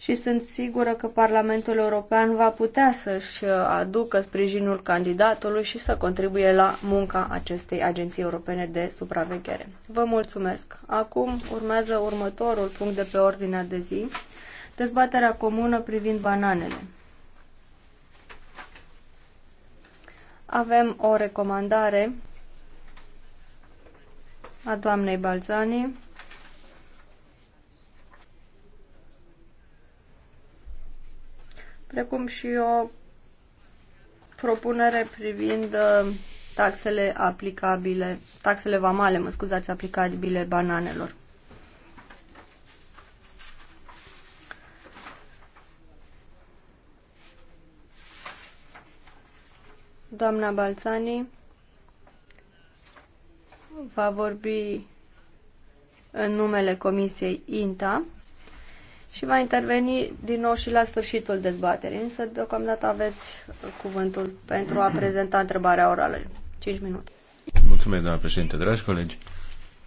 și sunt sigură că Parlamentul European va putea să-și uh, aducă sprijinul candidatului și să contribuie la munca acestei agenții europene de supraveghere. Vă mulțumesc! Acum urmează următorul punct de pe ordinea de zi, dezbaterea comună privind bananele. Avem o recomandare a doamnei Balzani precum și o propunere privind uh, taxele aplicabile, taxele vamale, mă scuzați, aplicabile bananelor. Doamna Balțani va vorbi în numele Comisiei INTA și va interveni din nou și la sfârșitul dezbaterii. Însă, deocamdată aveți cuvântul pentru a prezenta întrebarea orală. 5 minute. Mulțumesc, doamna președinte. Dragi colegi,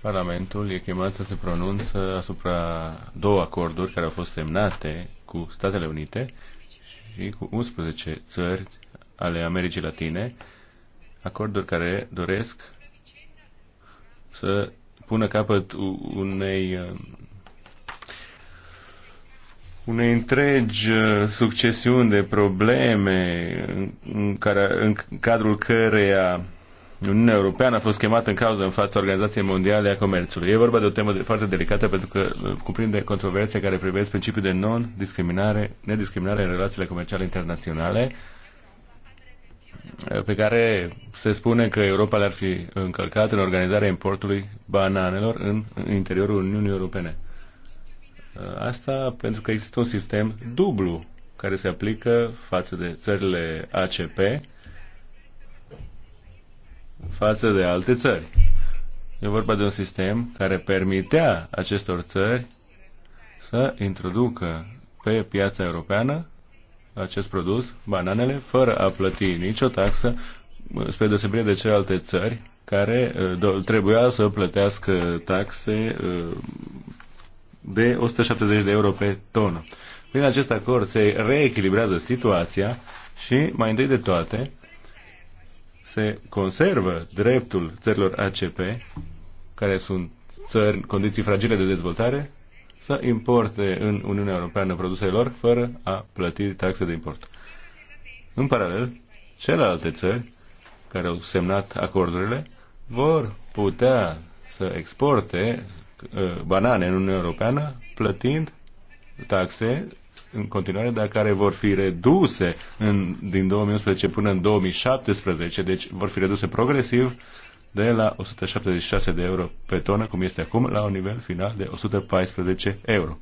Parlamentul e chemat să se pronunță asupra două acorduri care au fost semnate cu Statele Unite și cu 11 țări ale Americii Latine, acorduri care doresc să pună capăt unei unei întregi uh, succesiuni de probleme în, care, în cadrul căreia Uniunea Europeană a fost chemată în cauză în fața Organizației Mondiale a Comerțului. E vorba de o temă de, foarte delicată pentru că uh, cuprinde controverse care privesc principiul de non-discriminare, nediscriminare în relațiile comerciale internaționale, uh, pe care se spune că Europa le-ar fi încălcat în organizarea importului bananelor în interiorul Uniunii Europene. Uh, asta pentru că există un sistem dublu care se aplică față de țările ACP, față de alte țări. E vorba de un sistem care permitea acestor țări să introducă pe piața europeană acest produs, bananele, fără a plăti nicio taxă, spre deosebire de celelalte țări care uh, trebuia să plătească taxe uh, de 170 de euro pe tonă. Prin acest acord se reechilibrează situația și, mai întâi de toate, se conservă dreptul țărilor ACP, care sunt țări în condiții fragile de dezvoltare, să importe în Uniunea Europeană produsele lor fără a plăti taxe de import. În paralel, celelalte țări care au semnat acordurile vor putea să exporte Uh, banane în Uniunea Europeană, plătind taxe în continuare, dar care vor fi reduse în, din 2011 până în 2017, deci vor fi reduse progresiv de la 176 de euro pe tonă, cum este acum, la un nivel final de 114 euro.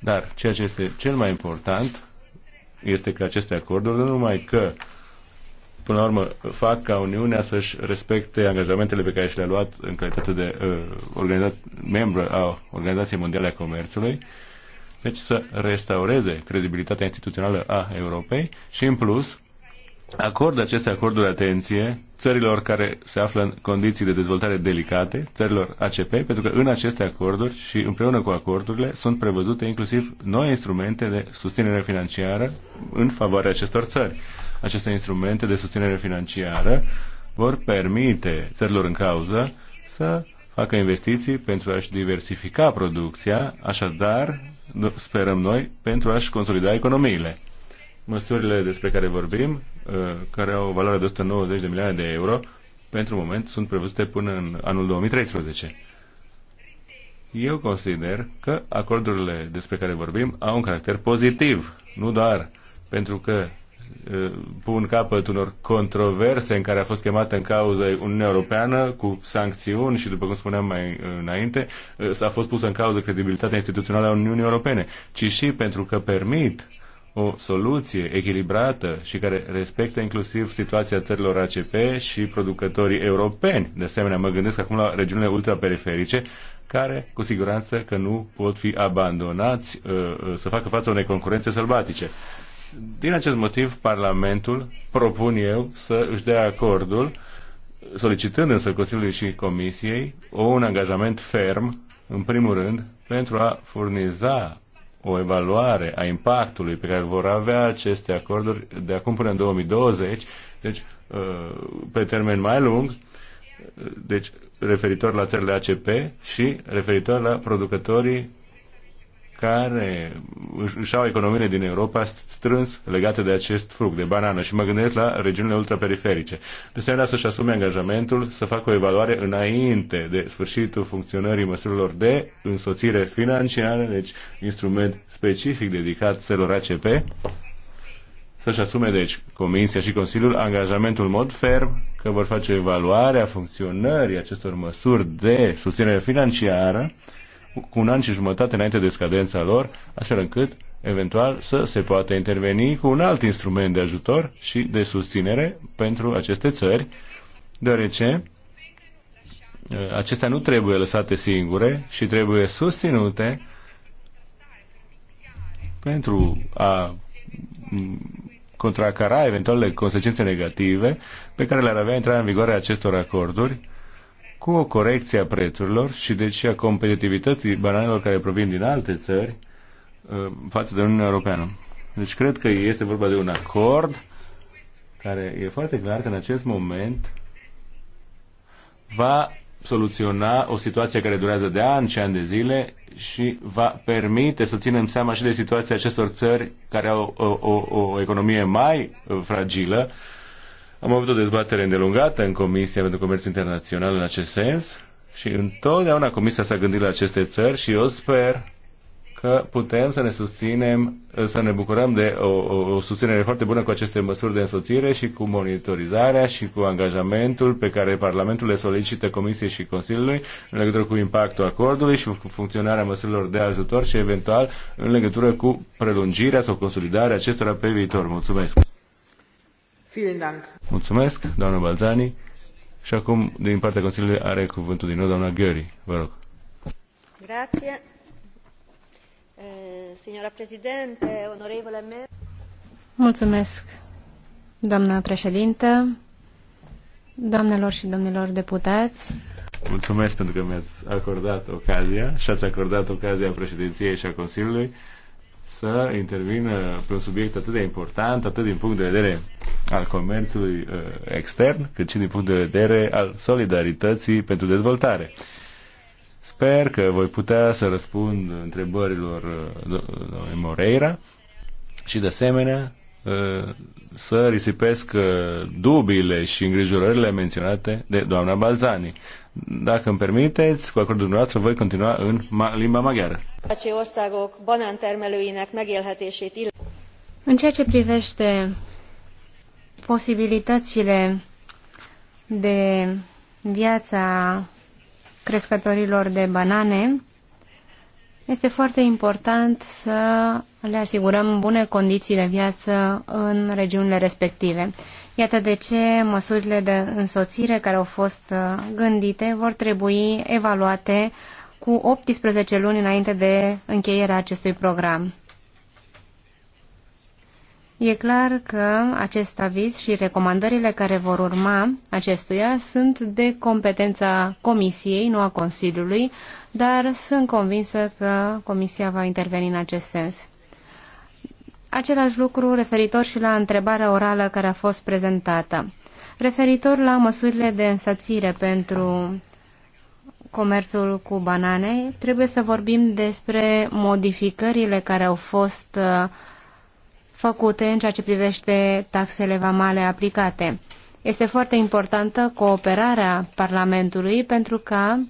Dar ceea ce este cel mai important este că aceste acorduri nu numai că până la urmă, fac ca Uniunea să-și respecte angajamentele pe care și le-a luat în calitate de uh, organiza- membru a Organizației Mondiale a Comerțului, deci să restaureze credibilitatea instituțională a Europei și, în plus, acordă aceste acorduri de atenție țărilor care se află în condiții de dezvoltare delicate, țărilor ACP, pentru că în aceste acorduri și împreună cu acordurile sunt prevăzute inclusiv noi instrumente de susținere financiară în favoarea acestor țări. Aceste instrumente de susținere financiară vor permite țărilor în cauză să facă investiții pentru a-și diversifica producția, așadar, sperăm noi, pentru a-și consolida economiile. Măsurile despre care vorbim Uh, care au o valoare de 190 de milioane de euro, pentru moment sunt prevăzute până în anul 2013. Eu consider că acordurile despre care vorbim au un caracter pozitiv, nu doar pentru că uh, pun capăt unor controverse în care a fost chemată în cauză Uniunea Europeană cu sancțiuni și, după cum spuneam mai înainte, uh, s-a fost pusă în cauză credibilitatea instituțională a Uniunii Europene, ci și pentru că permit uh, o soluție echilibrată și care respectă inclusiv situația țărilor ACP și producătorii europeni. De asemenea, mă gândesc acum la regiunile ultraperiferice, care cu siguranță că nu pot fi abandonați uh, uh, să facă față unei concurențe sălbatice. Din acest motiv, Parlamentul propun eu să își dea acordul, solicitând însă Consiliului și Comisiei un angajament ferm, în primul rând, pentru a furniza o evaluare a impactului pe care vor avea aceste acorduri de acum până în 2020, deci uh, pe termen mai lung, deci referitor la țările ACP și referitor la producătorii care își au economiile din Europa strâns legate de acest fruct, de banană. Și mă gândesc la regiunile ultraperiferice. De asemenea, să-și asume angajamentul să facă o evaluare înainte de sfârșitul funcționării măsurilor de însoțire financiară, deci instrument specific dedicat celor ACP, să-și asume, deci, Comisia și Consiliul angajamentul în mod ferm că vor face evaluarea funcționării acestor măsuri de susținere financiară cu un an și jumătate înainte de scadența lor, astfel încât eventual să se poată interveni cu un alt instrument de ajutor și de susținere pentru aceste țări, deoarece uh, acestea nu trebuie lăsate singure și trebuie susținute pentru a contracara eventuale consecințe negative pe care le-ar avea intrarea în vigoare a acestor acorduri cu o corecție a prețurilor și deci și a competitivității bananelor care provin din alte țări uh, față de Uniunea Europeană. Deci cred că este vorba de un acord care e foarte clar că în acest moment va soluționa o situație care durează de ani și ani de zile și va permite să ținem seama și de situația acestor țări care au o, o, o economie mai fragilă am avut o dezbatere îndelungată în Comisia pentru Comerț Internațional în acest sens și întotdeauna Comisia s-a gândit la aceste țări și eu sper că putem să ne susținem, să ne bucurăm de o, o, o susținere foarte bună cu aceste măsuri de însoțire și cu monitorizarea și cu angajamentul pe care Parlamentul le solicită Comisiei și Consiliului în legătură cu impactul acordului și cu funcționarea măsurilor de ajutor și eventual în legătură cu prelungirea sau consolidarea acestora pe viitor. Mulțumesc! Mulțumesc, doamnă Balzani. Și acum, din partea Consiliului, are cuvântul din nou doamna Gheri. Vă rog. Grazie. Eh, signora Presidente, onorevole me. Mulțumesc, doamna președintă, doamnelor și domnilor deputați. Mulțumesc pentru că mi-ați acordat ocazia și ați acordat ocazia președinției și a Consiliului să intervină pe un subiect atât de important, atât din punct de vedere al comerțului uh, extern, cât și din punct de vedere al solidarității pentru dezvoltare. Sper că voi putea să răspund întrebărilor uh, domnului Moreira și de asemenea să risipesc uh, dubiile și îngrijorările menționate de doamna Balzani. Dacă îmi permiteți, cu acordul dumneavoastră voi continua în limba maghiară. În ceea ce privește posibilitățile de viața crescătorilor de banane, este foarte important să le asigurăm bune condiții de viață în regiunile respective. Iată de ce măsurile de însoțire care au fost uh, gândite vor trebui evaluate cu 18 luni înainte de încheierea acestui program. E clar că acest aviz și recomandările care vor urma acestuia sunt de competența Comisiei, nu a Consiliului, dar sunt convinsă că Comisia va interveni în acest sens. Același lucru referitor și la întrebarea orală care a fost prezentată. Referitor la măsurile de însățire pentru comerțul cu banane, trebuie să vorbim despre modificările care au fost uh, făcute în ceea ce privește taxele vamale aplicate. Este foarte importantă cooperarea Parlamentului pentru ca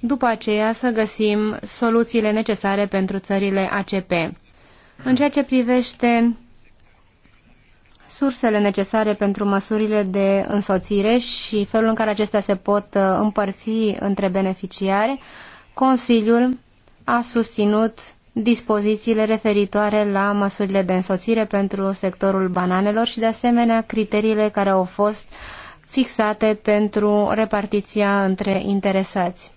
după aceea să găsim soluțiile necesare pentru țările ACP. În ceea ce privește sursele necesare pentru măsurile de însoțire și felul în care acestea se pot uh, împărți între beneficiari, Consiliul a susținut dispozițiile referitoare la măsurile de însoțire pentru sectorul bananelor și, de asemenea, criteriile care au fost fixate pentru repartiția între interesați.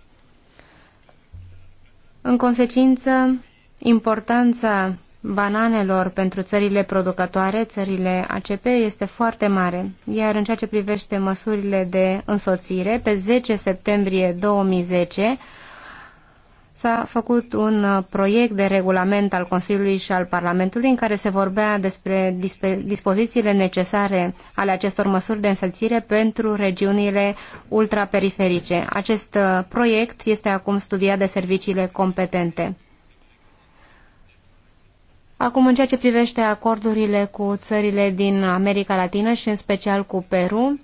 În consecință, importanța bananelor pentru țările producătoare, țările ACP, este foarte mare. Iar în ceea ce privește măsurile de însoțire, pe 10 septembrie 2010, s-a făcut un uh, proiect de regulament al Consiliului și al Parlamentului în care se vorbea despre dispozițiile necesare ale acestor măsuri de însățire pentru regiunile ultraperiferice. Acest uh, proiect este acum studiat de serviciile competente. Acum, în ceea ce privește acordurile cu țările din America Latină și în special cu Peru,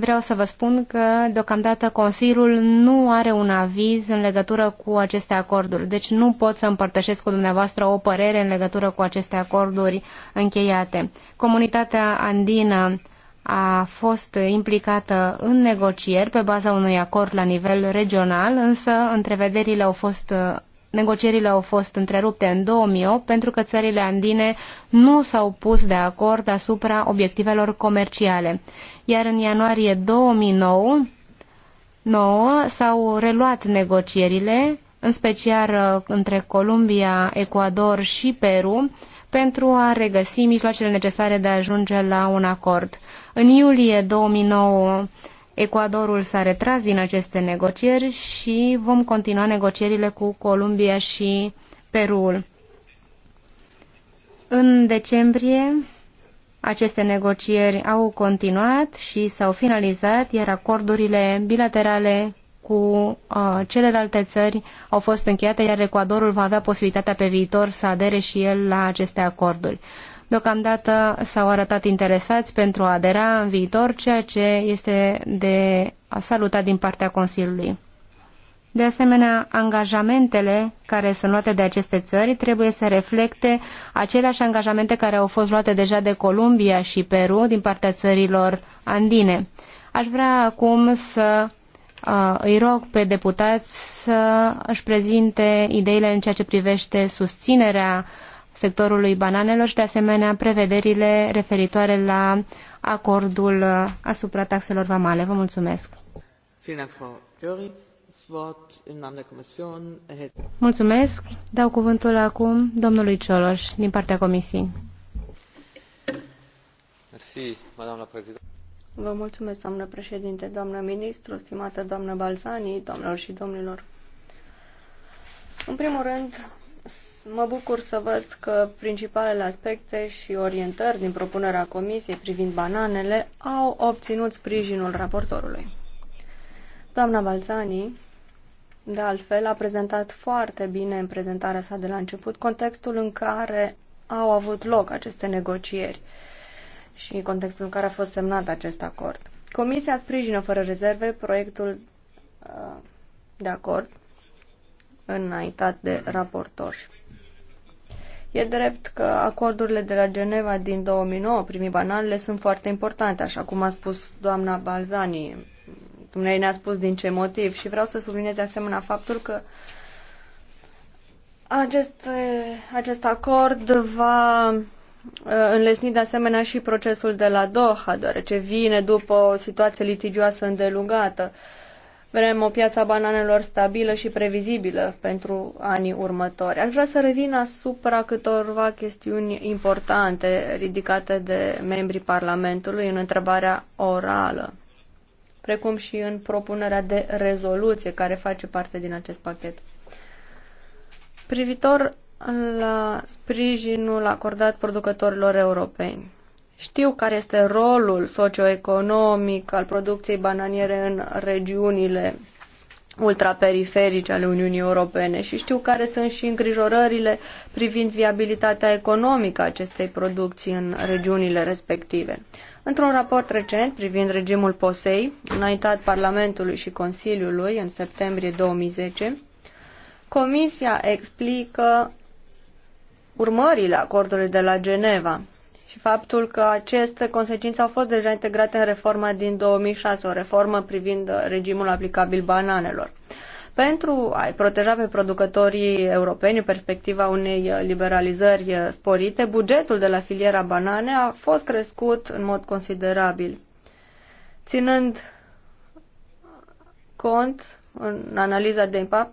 Vreau să vă spun că deocamdată Consiliul nu are un aviz în legătură cu aceste acorduri, deci nu pot să împărtășesc cu dumneavoastră o părere în legătură cu aceste acorduri încheiate. Comunitatea andină a fost implicată în negocieri pe baza unui acord la nivel regional, însă întrevederile au fost negocierile au fost întrerupte în 2008 pentru că țările andine nu s-au pus de acord asupra obiectivelor comerciale iar în ianuarie 2009 s-au reluat negocierile, în special uh, între Columbia, Ecuador și Peru, pentru a regăsi mijloacele necesare de a ajunge la un acord. În iulie 2009, Ecuadorul s-a retras din aceste negocieri și vom continua negocierile cu Columbia și Perul. În decembrie aceste negocieri au continuat și s-au finalizat, iar acordurile bilaterale cu uh, celelalte țări au fost încheiate, iar Ecuadorul va avea posibilitatea pe viitor să adere și el la aceste acorduri. Deocamdată s-au arătat interesați pentru a adera în viitor, ceea ce este de salutat din partea Consiliului. De asemenea, angajamentele care sunt luate de aceste țări trebuie să reflecte aceleași angajamente care au fost luate deja de Columbia și Peru din partea țărilor andine. Aș vrea acum să uh, îi rog pe deputați să își prezinte ideile în ceea ce privește susținerea sectorului bananelor și de asemenea prevederile referitoare la acordul asupra taxelor vamale. Vă mulțumesc! Vielen Er mulțumesc. Dau cuvântul acum domnului Cioloș din partea Comisiei. Vă mulțumesc, doamnă președinte, doamnă ministru, stimată doamnă Balzani, doamnelor și domnilor. În primul rând, mă bucur să văd că principalele aspecte și orientări din propunerea Comisiei privind bananele au obținut sprijinul raportorului. Doamna Balzani de altfel, a prezentat foarte bine în prezentarea sa de la început contextul în care au avut loc aceste negocieri și contextul în care a fost semnat acest acord. Comisia sprijină fără rezerve proiectul uh, de acord înaintat de raportor. E drept că acordurile de la Geneva din 2009 primi banale sunt foarte importante, așa cum a spus doamna Balzani Dumnezeu ne-a spus din ce motiv și vreau să subliniez de asemenea faptul că acest, acest acord va uh, înlesni de asemenea și procesul de la Doha, deoarece vine după o situație litigioasă îndelungată. Vrem o piață a bananelor stabilă și previzibilă pentru anii următori. Aș vrea să revin asupra câtorva chestiuni importante ridicate de membrii Parlamentului în întrebarea orală precum și în propunerea de rezoluție care face parte din acest pachet. Privitor la sprijinul acordat producătorilor europeni. Știu care este rolul socioeconomic al producției bananiere în regiunile ultraperiferice ale Uniunii Europene și știu care sunt și îngrijorările privind viabilitatea economică a acestei producții în regiunile respective. Într-un raport recent privind regimul POSEI, înaintat Parlamentului și Consiliului în septembrie 2010, Comisia explică urmările acordului de la Geneva și faptul că aceste consecințe au fost deja integrate în reforma din 2006, o reformă privind regimul aplicabil bananelor pentru a proteja pe producătorii europeni în perspectiva unei liberalizări sporite, bugetul de la filiera banane a fost crescut în mod considerabil, ținând cont în analiza de impact,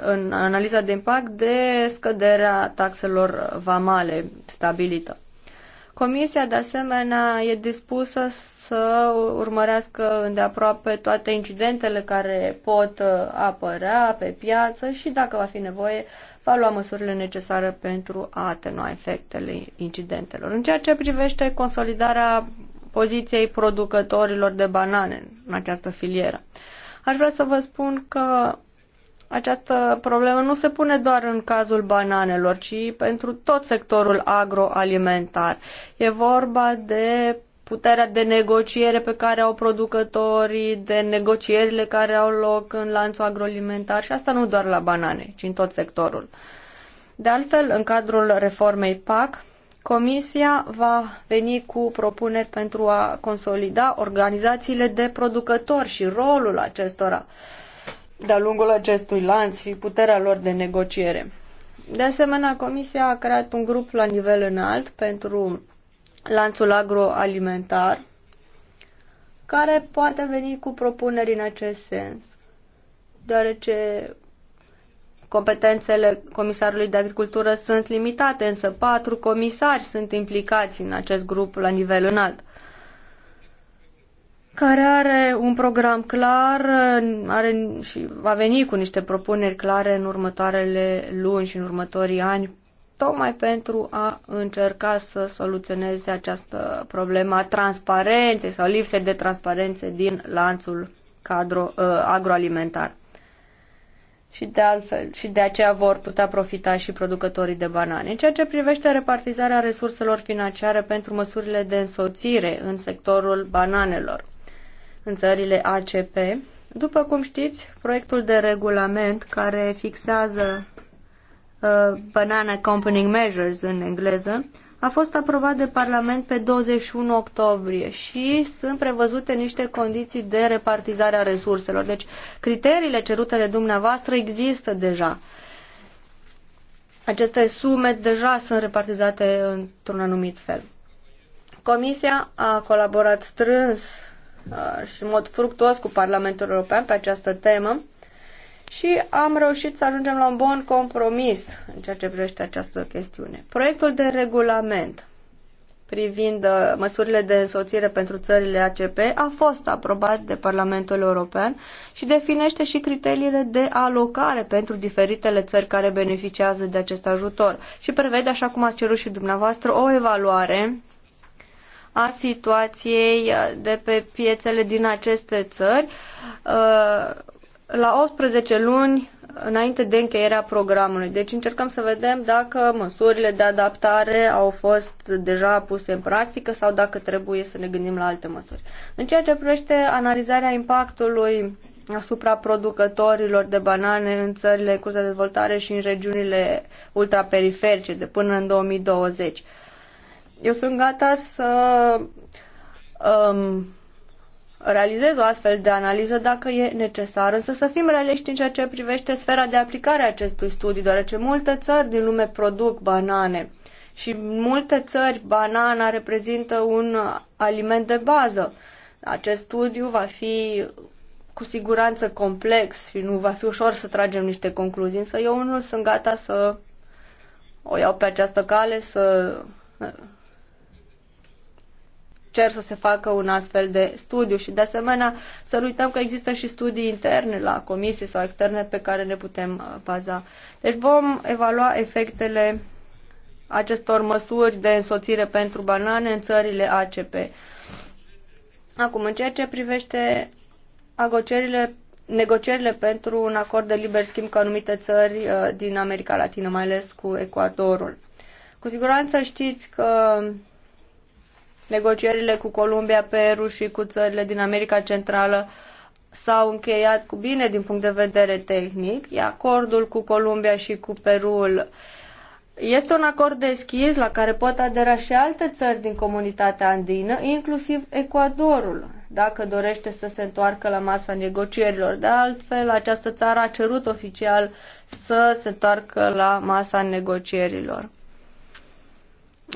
în analiza de, impact de scăderea taxelor vamale stabilită. Comisia, de asemenea, e dispusă să urmărească îndeaproape toate incidentele care pot uh, apărea pe piață și, dacă va fi nevoie, va lua măsurile necesare pentru a atenua efectele incidentelor. În ceea ce privește consolidarea poziției producătorilor de banane în această filieră, aș vrea să vă spun că această problemă nu se pune doar în cazul bananelor, ci pentru tot sectorul agroalimentar. E vorba de puterea de negociere pe care au producătorii, de negocierile care au loc în lanțul agroalimentar și asta nu doar la banane, ci în tot sectorul. De altfel, în cadrul reformei PAC, Comisia va veni cu propuneri pentru a consolida organizațiile de producători și rolul acestora. Uh, de-a lungul acestui lanț și puterea lor de negociere. De asemenea, Comisia a creat un grup la nivel înalt pentru lanțul agroalimentar, care poate veni cu propuneri în acest sens, deoarece competențele Comisarului de Agricultură sunt limitate, însă patru comisari sunt implicați în acest grup la nivel înalt care are un program clar are și va veni cu niște propuneri clare în următoarele luni și în următorii ani, tocmai pentru a încerca să soluționeze această problemă a transparenței sau lipsei de transparențe din lanțul cadro, uh, agroalimentar. Și de altfel, și de aceea vor putea profita și producătorii de banane. În ceea ce privește repartizarea resurselor financiare pentru măsurile de însoțire în sectorul bananelor în țările ACP. După cum știți, proiectul de regulament care fixează uh, Banana Company Measures în engleză a fost aprobat de Parlament pe 21 octombrie și sunt prevăzute niște condiții de repartizare a resurselor. Deci criteriile cerute de dumneavoastră există deja. Aceste sume deja sunt repartizate într-un anumit fel. Comisia a colaborat strâns Uh, și în mod fructuos cu Parlamentul European pe această temă și am reușit să ajungem la un bun compromis în ceea ce privește această chestiune. Proiectul de regulament privind uh, măsurile de însoțire pentru țările ACP a fost aprobat de Parlamentul European și definește și criteriile de alocare pentru diferitele țări care beneficiază de acest ajutor și prevede, așa cum ați cerut și dumneavoastră, o evaluare a situației uh, de pe piețele din aceste țări uh, la 18 luni înainte de încheierea programului. Deci încercăm să vedem dacă măsurile de adaptare au fost deja puse în practică sau dacă trebuie să ne gândim la alte măsuri. În ceea ce privește analizarea impactului asupra producătorilor de banane în țările în curs de dezvoltare și în regiunile ultraperiferice de până în 2020. Eu sunt gata să um, realizez o astfel de analiză dacă e necesar, însă să fim realiști în ceea ce privește sfera de aplicare a acestui studiu, deoarece multe țări din lume produc banane și în multe țări banana reprezintă un aliment de bază. Acest studiu va fi cu siguranță complex și nu va fi ușor să tragem niște concluzii, însă eu nu sunt gata să o iau pe această cale, să cer să se facă un astfel de studiu și de asemenea să nu uităm că există și studii interne la comisie sau externe pe care ne putem uh, baza. Deci vom evalua efectele acestor măsuri de însoțire pentru banane în țările ACP. Acum, în ceea ce privește agocerile negocierile pentru un acord de liber schimb cu anumite țări uh, din America Latină, mai ales cu Ecuadorul. Cu siguranță știți că Negocierile cu Columbia, Peru și cu țările din America Centrală s-au încheiat cu bine din punct de vedere tehnic, E acordul cu Columbia și cu Perul este un acord deschis la care pot adera și alte țări din comunitatea andină, inclusiv Ecuadorul, dacă dorește să se întoarcă la masa negocierilor. De altfel, această țară a cerut oficial să se întoarcă la masa negocierilor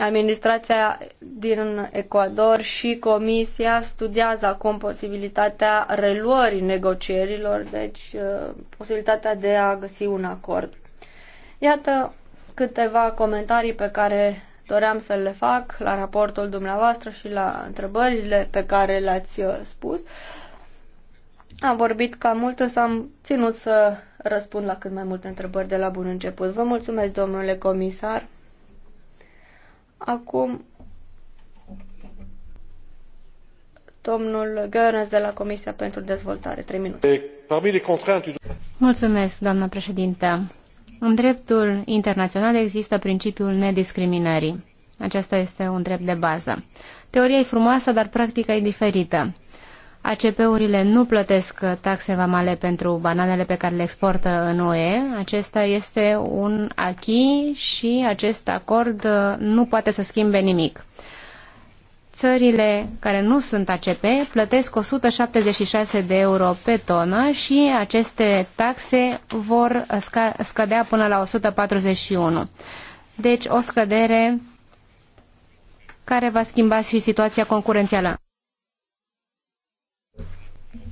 administrația din Ecuador și Comisia studiază acum posibilitatea reluării negocierilor, deci uh, posibilitatea de a găsi un acord. Iată câteva comentarii pe care doream să le fac la raportul dumneavoastră și la întrebările pe care le-ați uh, spus. Am vorbit cam mult, însă am ținut să răspund la cât mai multe întrebări de la bun început. Vă mulțumesc, domnule comisar Acum, domnul Görens de la Comisia pentru Dezvoltare. 3 minute. Mulțumesc, doamnă președintă. În dreptul internațional există principiul nediscriminării. Acesta este un drept de bază. Teoria e frumoasă, dar practica e diferită. ACP-urile nu plătesc uh, taxe vamale pentru bananele pe care le exportă în UE. Acesta este un acquis și acest acord uh, nu poate să schimbe nimic. Țările care nu sunt ACP plătesc 176 de euro pe tonă și aceste taxe vor scădea până la 141. Deci o scădere care va schimba și situația concurențială.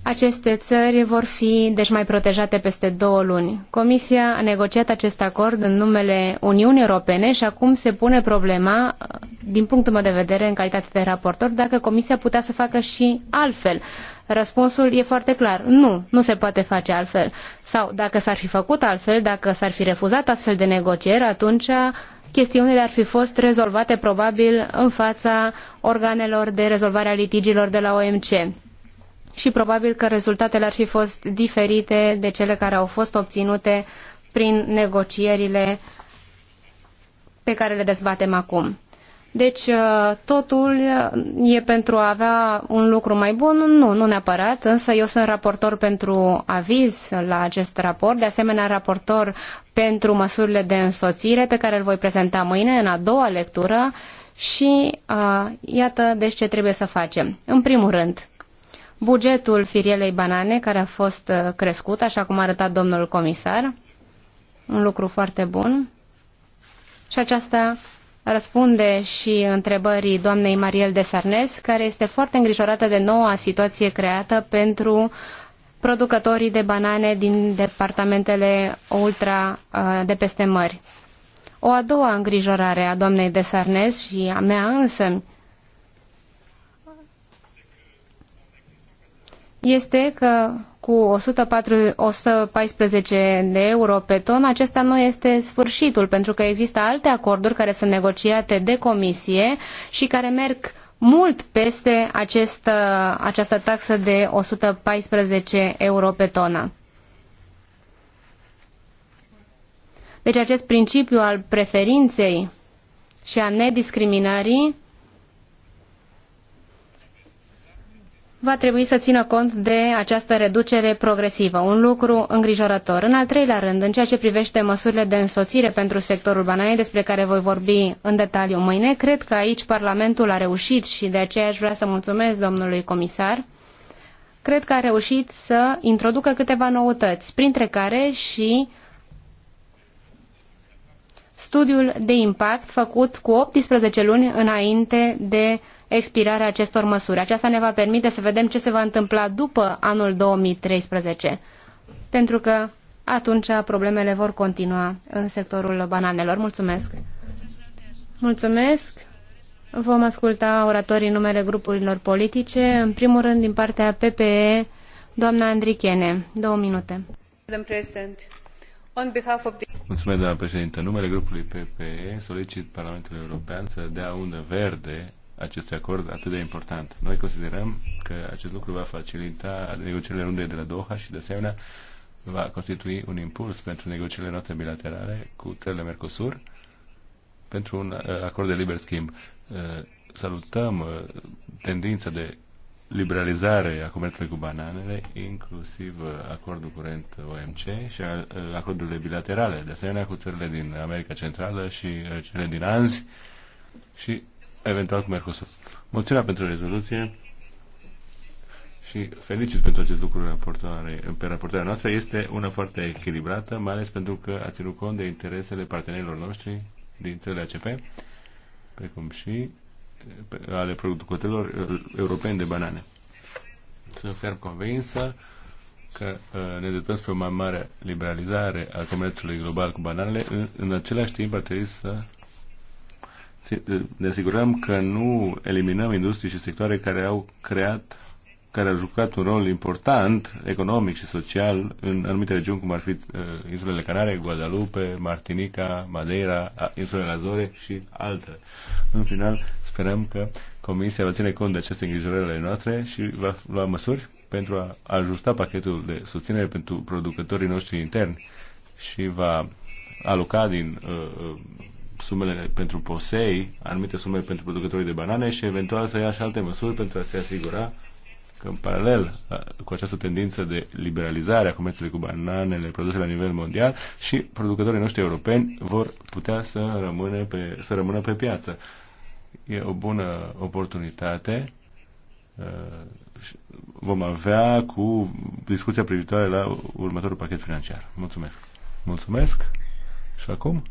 Aceste țări vor fi deci mai protejate peste două luni. Comisia a negociat acest acord în numele Uniunii Europene și acum se pune problema, din punctul meu de vedere, în calitate de raportor, dacă Comisia putea să facă și altfel. Răspunsul e foarte clar. Nu, nu se poate face altfel. Sau dacă s-ar fi făcut altfel, dacă s-ar fi refuzat astfel de negocieri, atunci chestiunile ar fi fost rezolvate probabil în fața organelor de rezolvare a litigiilor de la OMC și probabil că rezultatele ar fi fost diferite de cele care au fost obținute prin negocierile pe care le dezbatem acum. Deci uh, totul e pentru a avea un lucru mai bun? Nu, nu neapărat, însă eu sunt raportor pentru aviz la acest raport, de asemenea raportor pentru măsurile de însoțire pe care îl voi prezenta mâine în a doua lectură și uh, iată deci ce trebuie să facem. În primul rând, bugetul firielei banane care a fost uh, crescut, așa cum a arătat domnul comisar, un lucru foarte bun. Și aceasta răspunde și întrebării doamnei Mariel de Sarnes, care este foarte îngrijorată de noua situație creată pentru producătorii de banane din departamentele ultra uh, de peste mări. O a doua îngrijorare a doamnei de Sarnes și a mea însă este că cu 104, 114 de euro pe ton, acesta nu este sfârșitul, pentru că există alte acorduri care sunt negociate de comisie și care merg mult peste acest, această taxă de 114 euro pe tonă. Deci acest principiu al preferinței și a nediscriminării va trebui să țină cont de această reducere progresivă, un lucru îngrijorător. În al treilea rând, în ceea ce privește măsurile de însoțire pentru sectorul bananei, despre care voi vorbi în detaliu mâine, cred că aici Parlamentul a reușit și de aceea aș vrea să mulțumesc domnului comisar, cred că a reușit să introducă câteva noutăți, printre care și studiul de impact făcut cu 18 luni înainte de expirarea acestor măsuri. Aceasta ne va permite să vedem ce se va întâmpla după anul 2013, pentru că atunci problemele vor continua în sectorul bananelor. Mulțumesc! Mulțumesc! Vom asculta oratorii numele grupurilor politice. În primul rând, din partea PPE, doamna Andrichene. Două minute. Mulțumesc, doamna președinte. Numele grupului PPE solicit Parlamentul European să dea undă verde acest acord atât de important. Noi considerăm că acest lucru va facilita negocierile rundei de la Doha și, de asemenea, va constitui un impuls pentru negocierile noastre bilaterale cu țările Mercosur pentru un uh, acord de liber schimb. Uh, salutăm uh, tendința de liberalizare a comerțului cu bananele, inclusiv acordul curent OMC și acordurile bilaterale, de asemenea cu țările din America Centrală și cele din Anzi și eventual cu Mercosur. Mulțumesc pentru rezoluție și felicit pentru acest lucru raportoare, pe raportarea noastră. Este una foarte echilibrată, mai ales pentru că a ținut cont de interesele partenerilor noștri din țările ACP, precum și ale producătorilor uh, europeni de banane. Sunt ferm convinsă că uh, ne deptăm spre o mai mare liberalizare a comerțului global cu bananele, în, în același timp ar trebui să ne asigurăm că nu eliminăm industrii și sectoare care au creat care au jucat un rol important economic și social în anumite regiuni, cum ar fi uh, insulele Canare, Guadalupe, Martinica, Madeira, insulele Azore și altele. În final, sperăm că Comisia va ține cont de aceste îngrijorări ale noastre și va lua măsuri pentru a ajusta pachetul de susținere pentru producătorii noștri interni și va aloca din uh, uh sumele pentru posei, anumite sume pentru producătorii de banane și eventual să ia și alte măsuri pentru a se asigura că în paralel cu această tendință de liberalizare a comerțului cu bananele produse la nivel mondial și producătorii noștri europeni vor putea să, rămâne pe, să rămână pe piață. E o bună oportunitate vom avea cu discuția privitoare la următorul pachet financiar. Mulțumesc! Mulțumesc! Și acum?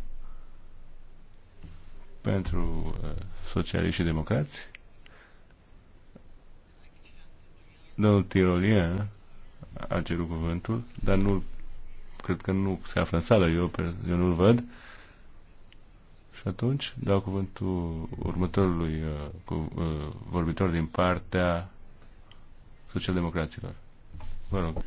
pentru uh, socialiști și democrați. Domnul Tirolian a cerut cuvântul, dar nu cred că nu se află în sală, eu, eu nu-l văd. Și atunci dau cuvântul următorului uh, cu, uh, vorbitor din partea socialdemocraților. Vă rog.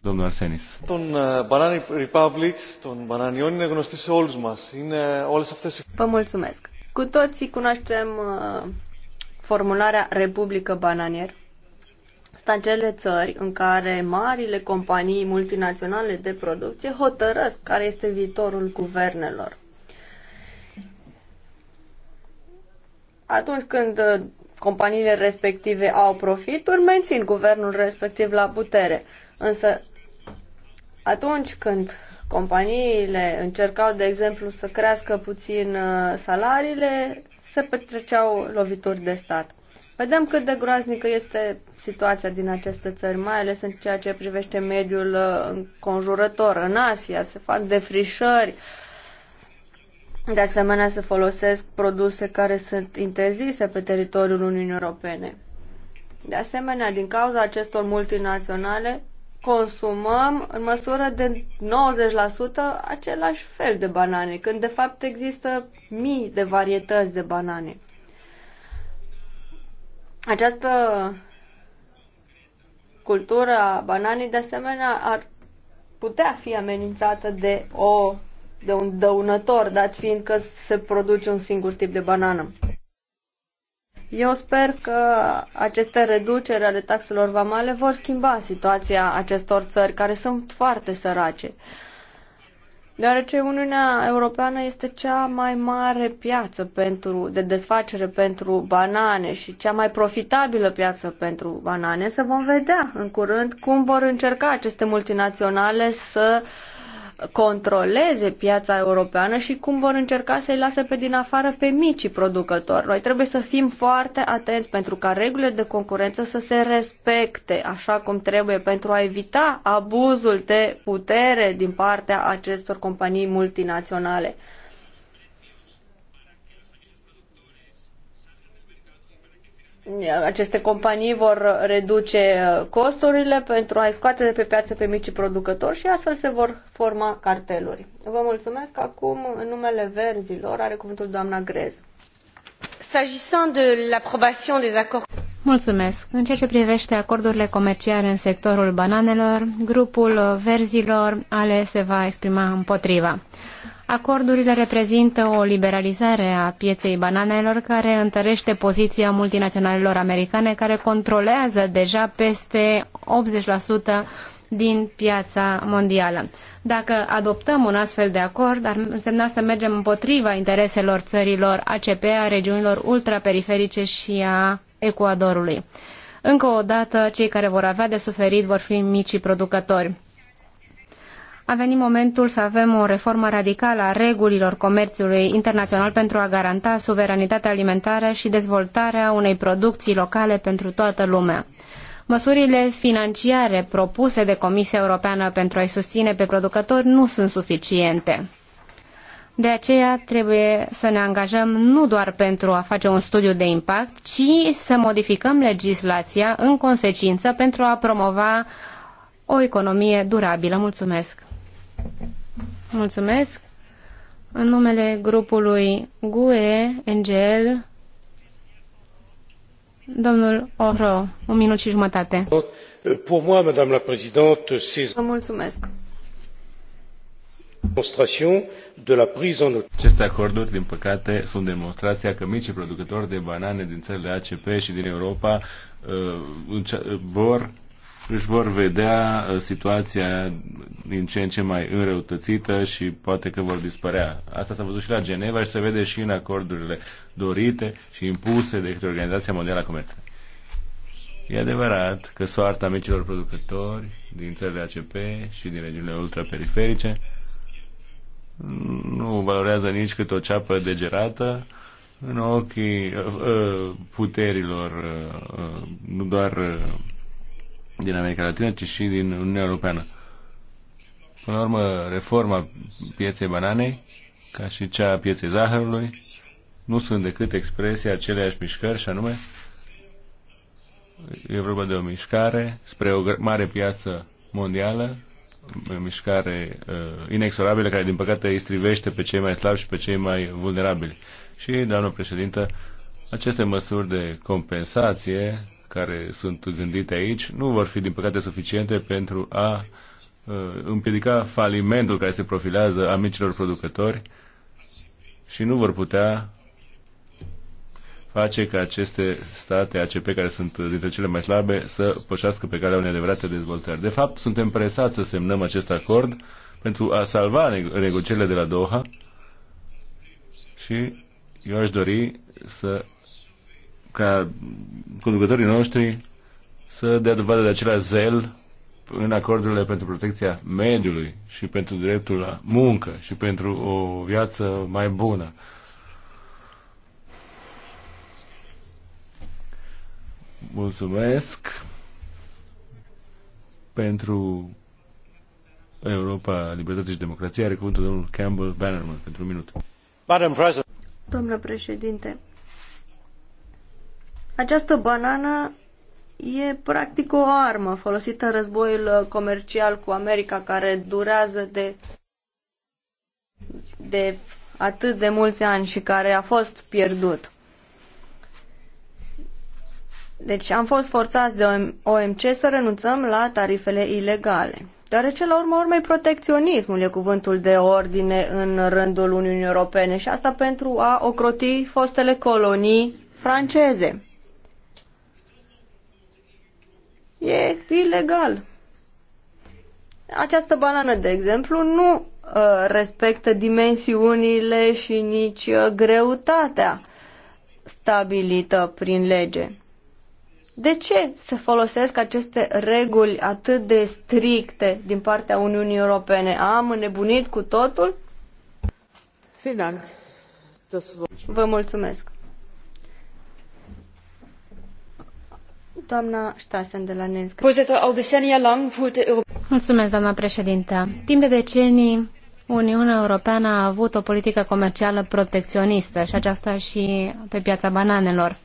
Domnul Arsenis. Των uh, Banana Republics, των Bananion είναι γνωστή σε όλους μας. Είναι όλες αυτές... Vă mulțumesc. Cu toții cunoaștem uh, formularea Republică Bananier. Sunt acele țări în care marile companii multinaționale de producție hotărăsc care este viitorul guvernelor. Atunci când uh, companiile respective au profituri, mențin guvernul respectiv la putere. Însă, atunci când companiile încercau, de exemplu, să crească puțin uh, salariile, se petreceau lovituri de stat. Vedem cât de groaznică este situația din aceste țări, mai ales în ceea ce privește mediul uh, înconjurător. În Asia se fac defrișări, de asemenea se folosesc produse care sunt interzise pe teritoriul Uniunii Europene. De asemenea, din cauza acestor multinaționale, consumăm în măsură de 90% același fel de banane, când de fapt există mii de varietăți de banane. Această cultura bananei de asemenea ar putea fi amenințată de o de un dăunător, dat fiind că se produce un singur tip de banană. Eu sper că aceste reduceri ale taxelor vamale vor schimba situația acestor țări care sunt foarte sărace. Deoarece Uniunea Europeană este cea mai mare piață pentru, de desfacere pentru banane și cea mai profitabilă piață pentru banane, să vom vedea în curând cum vor încerca aceste multinaționale să uh, controleze piața europeană și cum vor încerca să-i lase pe din afară pe micii producători. Noi trebuie să fim foarte atenți pentru ca regulile de concurență să se respecte așa cum trebuie pentru a evita abuzul de putere din partea acestor companii multinaționale. aceste companii vor reduce uh, costurile pentru a-i scoate de pe piață pe micii producători și astfel se vor forma carteluri. Vă mulțumesc. Acum, în numele verzilor, are cuvântul doamna Grez. S'agissant de l'approbation des accords Mulțumesc. În ceea ce privește acordurile comerciale în sectorul bananelor, grupul verzilor ale se va exprima împotriva. Acordurile reprezintă o liberalizare a pieței bananelor care întărește poziția multinaționalelor americane care controlează deja peste 80% din piața mondială. Dacă adoptăm un astfel de acord, ar însemna să mergem împotriva intereselor țărilor ACP, a regiunilor ultraperiferice și a Ecuadorului. Încă o dată, cei care vor avea de suferit vor fi micii producători a venit momentul să avem o reformă radicală a regulilor comerțului internațional pentru a garanta suveranitatea alimentară și dezvoltarea unei producții locale pentru toată lumea. Măsurile financiare propuse de Comisia Europeană pentru a-i susține pe producători nu sunt suficiente. De aceea trebuie să ne angajăm nu doar pentru a face un studiu de impact, ci să modificăm legislația în consecință pentru a promova o economie durabilă. Mulțumesc! Mulțumesc. În numele grupului GUE, NGL, domnul Oro, un minut și jumătate. Pour moi, madame la présidente, ces Mulțumesc. Aceste acorduri, din păcate, sunt demonstrația că micii producători de banane din țările ACP și din Europa uh, uh vor își vor vedea uh, situația din ce în ce mai înrăutățită și poate că vor dispărea. Asta s-a văzut și la Geneva și se vede și în acordurile dorite și impuse de către Organizația Mondială a Comerțului. E adevărat că soarta micilor producători din țările ACP și din regiunile ultraperiferice nu valorează nici cât o ceapă degerată în ochii uh, uh puterilor, uh, uh, nu doar uh, din America Latină, ci și din Uniunea Europeană. Până la urmă, reforma pieței bananei, ca și cea a pieței zahărului, nu sunt decât expresia aceleiași mișcări, și anume, e vorba de o mișcare spre o mare piață mondială, o mișcare uh, inexorabilă care, din păcate, îi strivește pe cei mai slabi și pe cei mai vulnerabili. Și, doamnă președintă, aceste măsuri de compensație care sunt gândite aici nu vor fi, din păcate, suficiente pentru a uh, împiedica falimentul care se profilează a micilor producători și nu vor putea face ca aceste state ACP, care sunt dintre cele mai slabe, să pășească pe calea unei adevărate dezvoltări. De fapt, suntem presați să semnăm acest acord pentru a salva negocierile de la Doha și eu aș dori să ca conducătorii noștri să dea dovadă de același zel în acordurile pentru protecția mediului și pentru dreptul la muncă și pentru o viață mai bună. Mulțumesc pentru Europa, Libertate și Democrație. Are cuvântul domnul Campbell Bannerman pentru un minut. Domnule președinte, această banană e practic o armă folosită în războiul comercial cu America care durează de, de atât de mulți ani și care a fost pierdut. Deci am fost forțați de OMC să renunțăm la tarifele ilegale. Deoarece, la urma urmei, protecționismul e cuvântul de ordine în rândul Uniunii Europene și asta pentru a ocroti fostele colonii franceze. e ilegal. Această banană, de exemplu, nu uh, respectă dimensiunile și nici uh, greutatea stabilită prin lege. De ce se folosesc aceste reguli atât de stricte din partea Uniunii Europene? Am înnebunit cu totul? Vă mulțumesc. Doamna de Mulțumesc, președintă. Timp de decenii, Uniunea Europeană a avut o politică comercială protecționistă și aceasta și pe piața bananelor.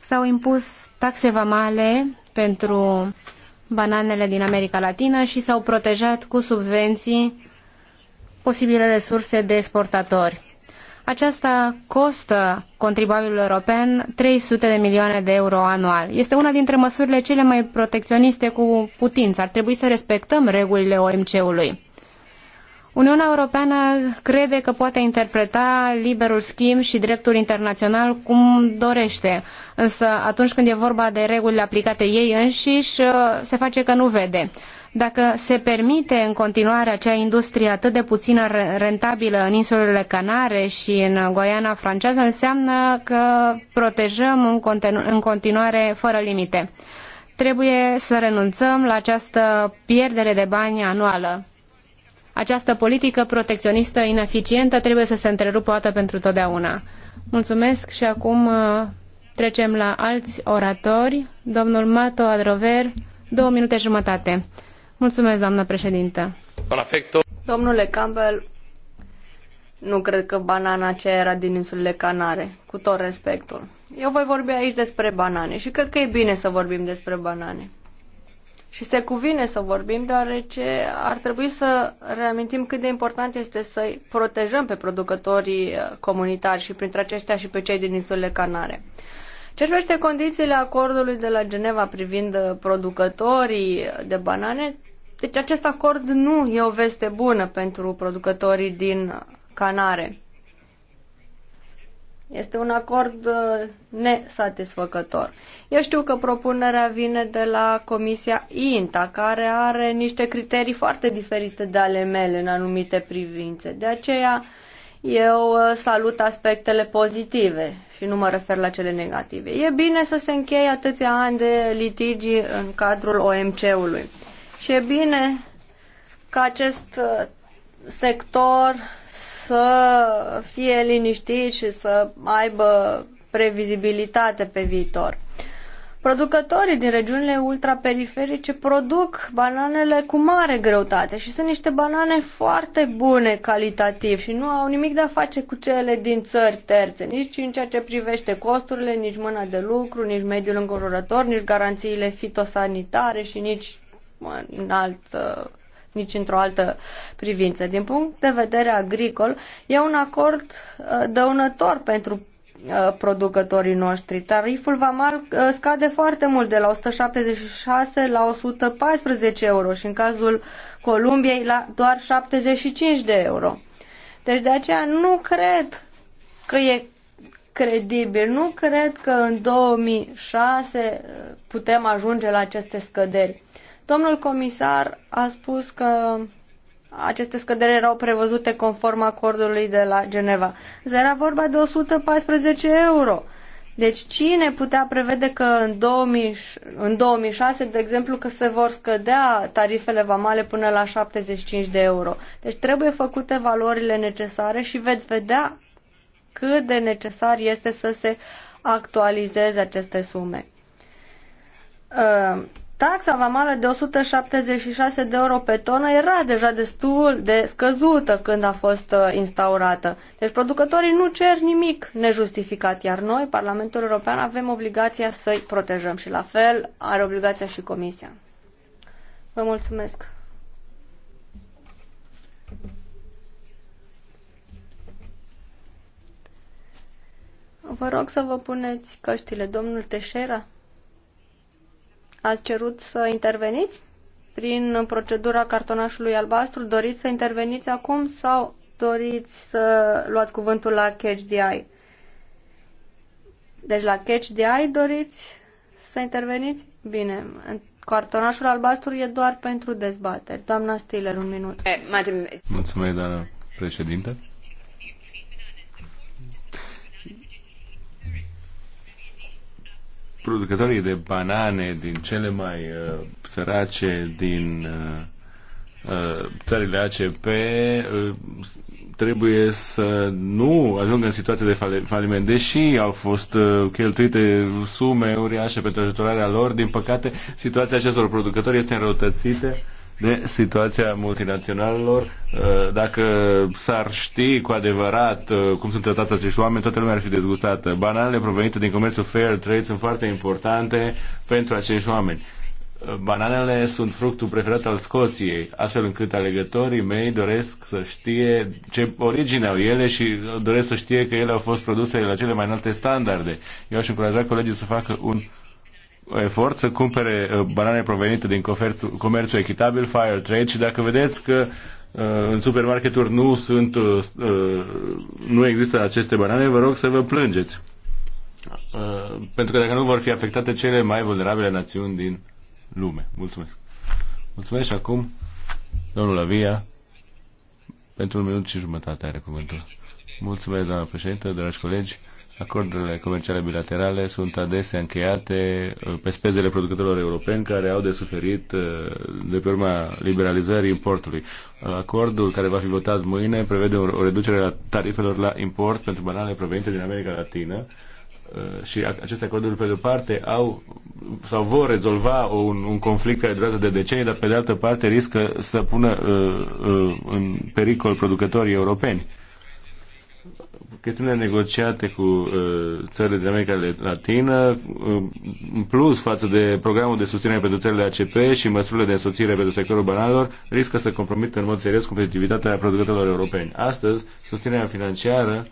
S-au impus taxe vamale pentru bananele din America Latină și s-au protejat cu subvenții posibilele surse de exportatori. Aceasta costă contribuabilul european 300 de milioane de euro anual. Este una dintre măsurile cele mai protecționiste cu putință. Ar trebui să respectăm regulile OMC-ului. Uniunea Europeană crede că poate interpreta liberul schimb și dreptul internațional cum dorește însă atunci când e vorba de regulile aplicate ei înșiși, uh, se face că nu vede. Dacă se permite în continuare acea industrie atât de puțin rentabilă în insulele Canare și în Goiana franceză, înseamnă că protejăm în continuare fără limite. Trebuie să renunțăm la această pierdere de bani anuală. Această politică protecționistă ineficientă trebuie să se întrerupă o dată pentru totdeauna. Mulțumesc și acum uh, Trecem la alți oratori. Domnul Mato Adrover, două minute jumătate. Mulțumesc, doamnă președintă. Domnule Campbell, nu cred că banana aceea era din insulele Canare, cu tot respectul. Eu voi vorbi aici despre banane și cred că e bine să vorbim despre banane. Și se cuvine să vorbim, deoarece ar trebui să reamintim cât de important este să-i protejăm pe producătorii eh, comunitari și printre aceștia și pe cei din insulele Canare. Ce privește condițiile acordului de la Geneva privind uh, producătorii de banane, deci acest acord nu e o veste bună pentru producătorii din Canare. Este un acord uh, nesatisfăcător. Eu știu că propunerea vine de la Comisia INTA, care are niște criterii foarte diferite de ale mele în anumite privințe. De aceea, eu uh, salut aspectele pozitive și nu mă refer la cele negative. E bine să se încheie atâția ani de litigi în cadrul OMC-ului și e bine ca acest uh, sector să fie liniștit și să aibă previzibilitate pe viitor. Producătorii din regiunile ultraperiferice produc bananele cu mare greutate și sunt niște banane foarte bune calitativ și nu au nimic de a face cu cele din țări terțe, nici în ceea ce privește costurile, nici mâna de lucru, nici mediul înconjurător, nici garanțiile fitosanitare și nici în altă nici într-o altă privință. Din punct de vedere agricol, e un acord uh, dăunător pentru Uh, producătorii noștri. Tariful vamal uh, scade foarte mult, de la 176 la 114 euro și în cazul Columbiei la doar 75 de euro. Deci de aceea nu cred că e credibil, nu cred că în 2006 uh, putem ajunge la aceste scăderi. Domnul comisar a spus că aceste scăderi erau prevăzute conform acordului de la Geneva. Însă era vorba de 114 euro. Deci cine putea prevede că în, 2000, în 2006, de exemplu, că se vor scădea tarifele vamale până la 75 de euro? Deci trebuie făcute valorile necesare și veți vedea cât de necesar este să se actualizeze aceste sume. Ă, Taxa vamală de 176 de euro pe tonă era deja destul de scăzută când a fost uh, instaurată. Deci producătorii nu cer nimic nejustificat, iar noi, Parlamentul European, avem obligația să-i protejăm și la fel are obligația și Comisia. Vă mulțumesc! Vă rog să vă puneți căștile, domnul Teșera. Ați cerut să interveniți prin procedura cartonașului albastru? Doriți să interveniți acum sau doriți să luați cuvântul la Catch the Eye? Deci la Catch the Eye doriți să interveniți? Bine, cartonașul albastru e doar pentru dezbateri. Doamna Stiller, un minut. Eh, Mulțumesc, doamna președinte. producătorii de banane din cele mai uh, sărace din uh, uh țările ACP uh, trebuie să nu ajungă în situație de faliment, deși au fost uh, cheltuite sume uriașe pentru ajutorarea lor. Din păcate, situația acestor producători este înrăutățită de situația multinaționalelor. Uh, dacă s-ar ști cu adevărat uh, cum sunt tratați acești oameni, toată lumea ar fi dezgustată. Bananele provenite din comerțul fair trade sunt foarte importante pentru acești oameni. Uh, bananele sunt fructul preferat al Scoției, astfel încât alegătorii mei doresc să știe ce origine au ele și doresc să știe că ele au fost produse la cele mai înalte standarde. Eu aș încuraja colegii să facă un efort să cumpere uh, banane provenite din comerțul echitabil, fire, trade și dacă vedeți că uh, în supermarketuri nu sunt uh, nu există aceste banane, vă rog să vă plângeți. Pentru că dacă nu vor fi afectate cele mai vulnerabile națiuni din lume. Mulțumesc. Mulțumesc și acum domnul Avia pentru un minut și jumătate are cuvântul. Mulțumesc, doamna președintă, dragi colegi. Acordurile comerciale bilaterale sunt adesea încheiate uh, pe spezele producătorilor europeni care au de suferit uh, de pe urma liberalizării importului. Acordul care va fi votat mâine prevede o reducere a tarifelor la import pentru banane provenite din America Latină uh, și aceste acorduri, pe de-o parte, au sau vor rezolva un, un conflict care durează de decenii, dar, pe de altă parte, riscă să pună uh, uh, în pericol producătorii europeni chestiunile negociate cu uh, țările din America Latină, uh, în plus față de programul de susținere pentru țările ACP și măsurile de însoțire pentru sectorul bananelor, riscă să compromită în mod serios competitivitatea producătorilor europeni. Astăzi, susținerea financiară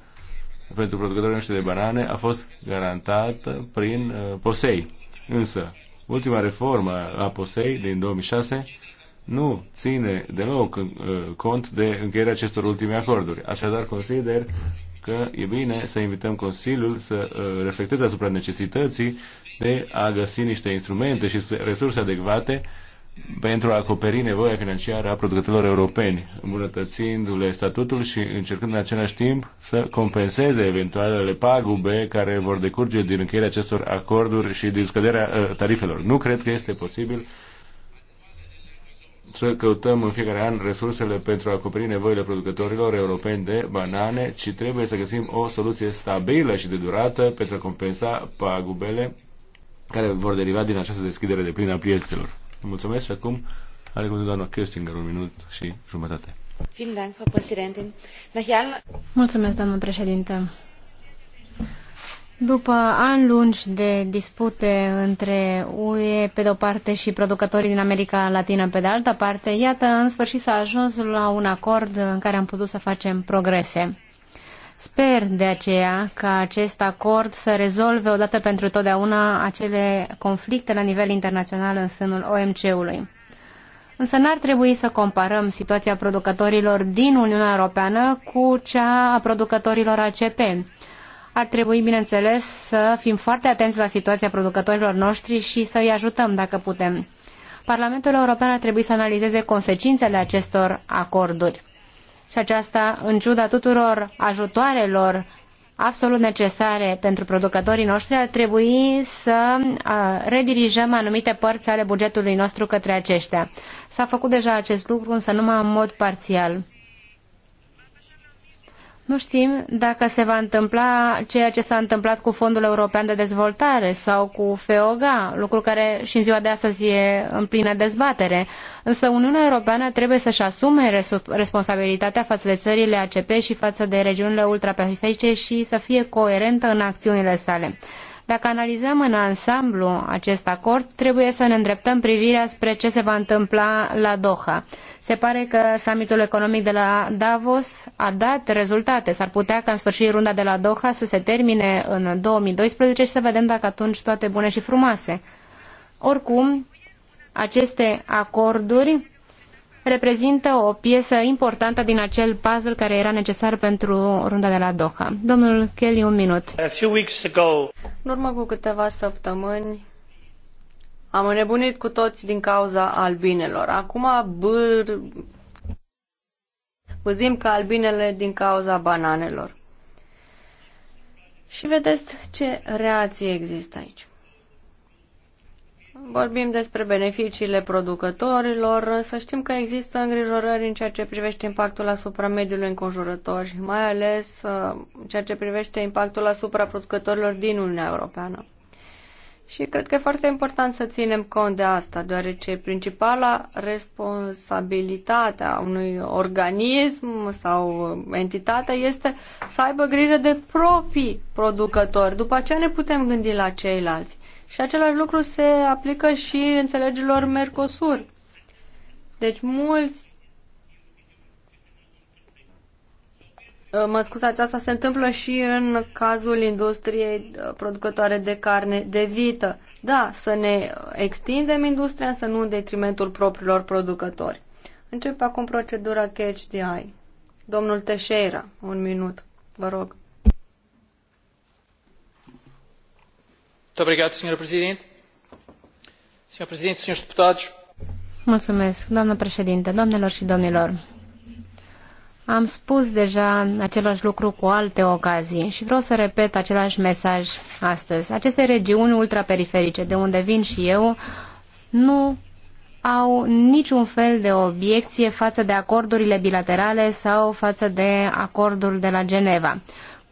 pentru producătorii noștri de banane a fost garantată prin uh, POSEI. Însă, ultima reformă a POSEI din 2006 nu ține deloc uh, cont de încheierea acestor ultime acorduri. Așadar, consider că e bine să invităm Consiliul să uh, reflecteze asupra necesității de a găsi niște instrumente și resurse adecvate pentru a acoperi nevoia financiară a producătorilor europeni, îmbunătățindu-le statutul și încercând în același timp să compenseze eventualele pagube care vor decurge din încheierea acestor acorduri și din scăderea uh, tarifelor. Nu cred că este posibil să căutăm în fiecare an resursele pentru a acoperi nevoile producătorilor europeni de banane, ci trebuie să găsim o soluție stabilă și de durată pentru a compensa pagubele care vor deriva din această deschidere de plină a piețelor. Mulțumesc și acum are cuvântul doamna Köstinger un minut și jumătate. Mulțumesc, doamnă președinte. După ani lungi de dispute între UE pe de-o parte și producătorii din America Latină pe de altă parte, iată, în sfârșit s-a ajuns la un acord în care am putut să facem progrese. Sper de aceea ca acest acord să rezolve odată pentru totdeauna acele conflicte la nivel internațional în sânul OMC-ului. Însă n-ar trebui să comparăm situația producătorilor din Uniunea Europeană cu cea a producătorilor ACP ar trebui, bineînțeles, să fim foarte atenți la situația producătorilor noștri și să îi ajutăm dacă putem. Parlamentul European ar trebui să analizeze consecințele acestor acorduri. Și aceasta în ciuda tuturor ajutoarelor absolut necesare pentru producătorii noștri, ar trebui să redirijăm anumite părți ale bugetului nostru către aceștia. S-a făcut deja acest lucru, însă numai în mod parțial. Nu știm dacă se va întâmpla ceea ce s-a întâmplat cu Fondul European de Dezvoltare sau cu FEOGA, lucru care și în ziua de astăzi e în plină dezbatere. Însă Uniunea Europeană trebuie să-și asume responsabilitatea față de țările ACP și față de regiunile ultraperiferice și să fie coerentă în acțiunile sale. Dacă analizăm în ansamblu acest acord, trebuie să ne îndreptăm privirea spre ce se va întâmpla la Doha. Se pare că summitul economic de la Davos a dat rezultate. S-ar putea ca în sfârșit runda de la Doha să se termine în 2012 și să vedem dacă atunci toate bune și frumoase. Oricum, aceste acorduri reprezintă o piesă importantă din acel puzzle care era necesar pentru runda de la Doha. Domnul Kelly, un minut. În urmă cu câteva săptămâni am înnebunit cu toți din cauza albinelor. Acum bâr... băzim ca albinele din cauza bananelor. Și vedeți ce reație există aici. Vorbim despre beneficiile producătorilor, să știm că există îngrijorări în ceea ce privește impactul asupra mediului înconjurător și mai ales uh, în ceea ce privește impactul asupra producătorilor din Uniunea Europeană. Și cred că e foarte important să ținem cont de asta, deoarece principala responsabilitate a unui organism sau entitate este să aibă grijă de proprii producători. După aceea ne putem gândi la ceilalți. Și același lucru se aplică și înțelegerilor Mercosur. Deci mulți ă, Mă scuzați, asta se întâmplă și în cazul industriei ă, producătoare de carne de vită. Da, să ne extindem industria, să nu în detrimentul propriilor producători. Începe acum procedura catch the eye. Domnul Teșeira, un minut, vă rog. Mulțumesc, doamnă președinte, doamnelor și domnilor. Am spus deja același lucru cu alte ocazii și vreau să repet același mesaj astăzi. Aceste regiuni ultraperiferice, de unde vin și eu, nu au niciun fel de obiecție față de acordurile bilaterale sau față de acordul de la Geneva.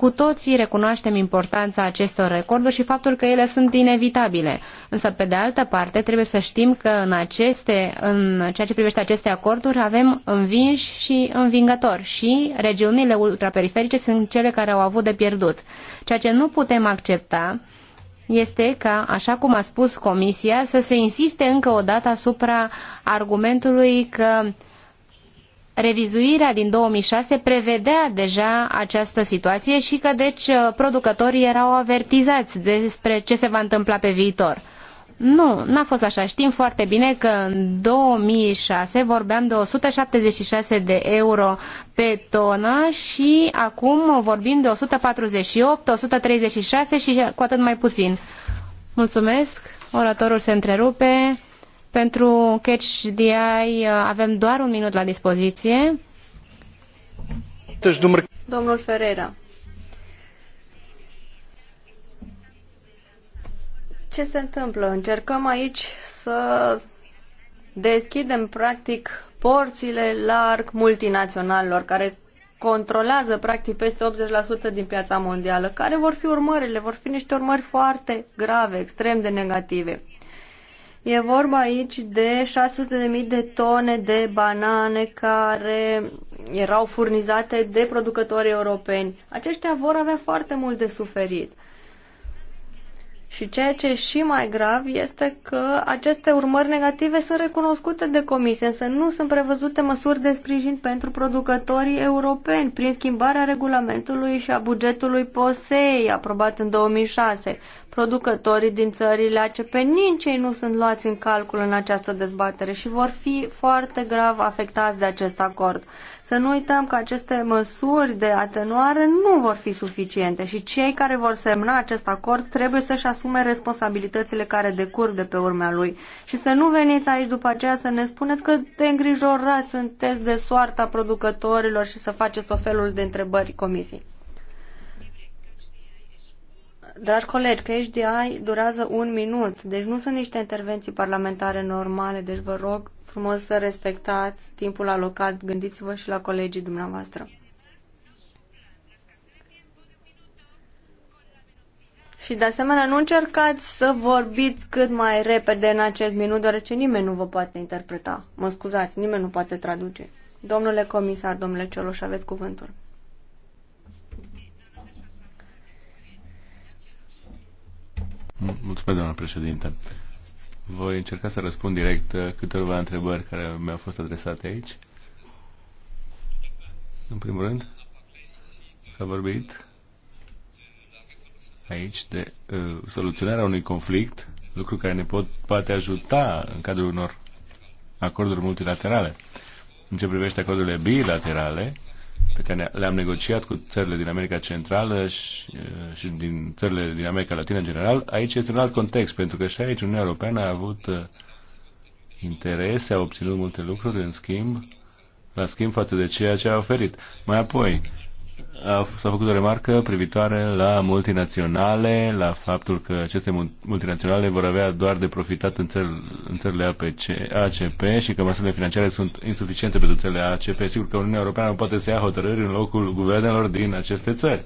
Cu toții recunoaștem importanța acestor recorduri și faptul că ele sunt inevitabile. Însă, pe de altă parte, trebuie să știm că în, aceste, în ceea ce privește aceste acorduri avem învinși și învingători și regiunile ultraperiferice sunt cele care au avut de pierdut. Ceea ce nu putem accepta este ca, așa cum a spus Comisia, să se insiste încă o dată asupra argumentului că revizuirea din 2006 prevedea deja această situație și că deci producătorii erau avertizați despre ce se va întâmpla pe viitor. Nu, n-a fost așa. Știm foarte bine că în 2006 vorbeam de 176 de euro pe tonă și acum vorbim de 148, 136 și cu atât mai puțin. Mulțumesc. Oratorul se întrerupe. Pentru Catch DI uh, avem doar un minut la dispoziție. Domnul Ferreira. Ce se întâmplă? Încercăm aici să deschidem practic porțile larg multinaționalilor care controlează practic peste 80% din piața mondială. Care vor fi urmările? Vor fi niște urmări foarte grave, extrem de negative. E vorba aici de 600.000 de tone de banane care erau furnizate de producători europeni. Aceștia vor avea foarte mult de suferit. Și ceea ce e și mai grav este că aceste urmări negative sunt recunoscute de comisie, însă nu sunt prevăzute măsuri de sprijin pentru producătorii europeni prin schimbarea regulamentului și a bugetului POSEI aprobat în 2006 producătorii din țările ACP nici ei nu sunt luați în calcul în această dezbatere și vor fi foarte grav afectați de acest acord. Să nu uităm că aceste măsuri de atenuare nu vor fi suficiente și cei care vor semna acest acord trebuie să-și asume responsabilitățile care decurg de pe urmea lui. Și să nu veniți aici după aceea să ne spuneți că te îngrijorați, sunteți de soarta producătorilor și să faceți o felul de întrebări comisiei. Dragi colegi, că HDI durează un minut, deci nu sunt niște intervenții parlamentare normale, deci vă rog frumos să respectați timpul alocat, gândiți-vă și la colegii dumneavoastră. Și de asemenea, nu încercați să vorbiți cât mai repede în acest minut, deoarece nimeni nu vă poate interpreta. Mă scuzați, nimeni nu poate traduce. Domnule comisar, domnule Cioloș, aveți cuvântul. Mulțumesc, doamnă președinte. Voi încerca să răspund direct uh, câteva întrebări care mi-au fost adresate aici. În primul rând, s-a vorbit aici de uh, soluționarea unui conflict, lucru care ne pot, poate ajuta în cadrul unor acorduri multilaterale. În ce privește acordurile bilaterale, pe care le-am negociat cu țările din America Centrală și, și din țările din America Latină în general, aici este un alt context, pentru că și aici Uniunea Europeană a avut interese, a obținut multe lucruri, în schimb, la schimb față de ceea ce a oferit. Mai apoi, s-a făcut o remarcă privitoare la multinaționale, la faptul că aceste multinaționale vor avea doar de profitat în, țăr, în țările APC, ACP și că măsurile financiare sunt insuficiente pentru țările ACP. Sigur că Uniunea Europeană poate să ia hotărâri în locul guvernelor din aceste țări.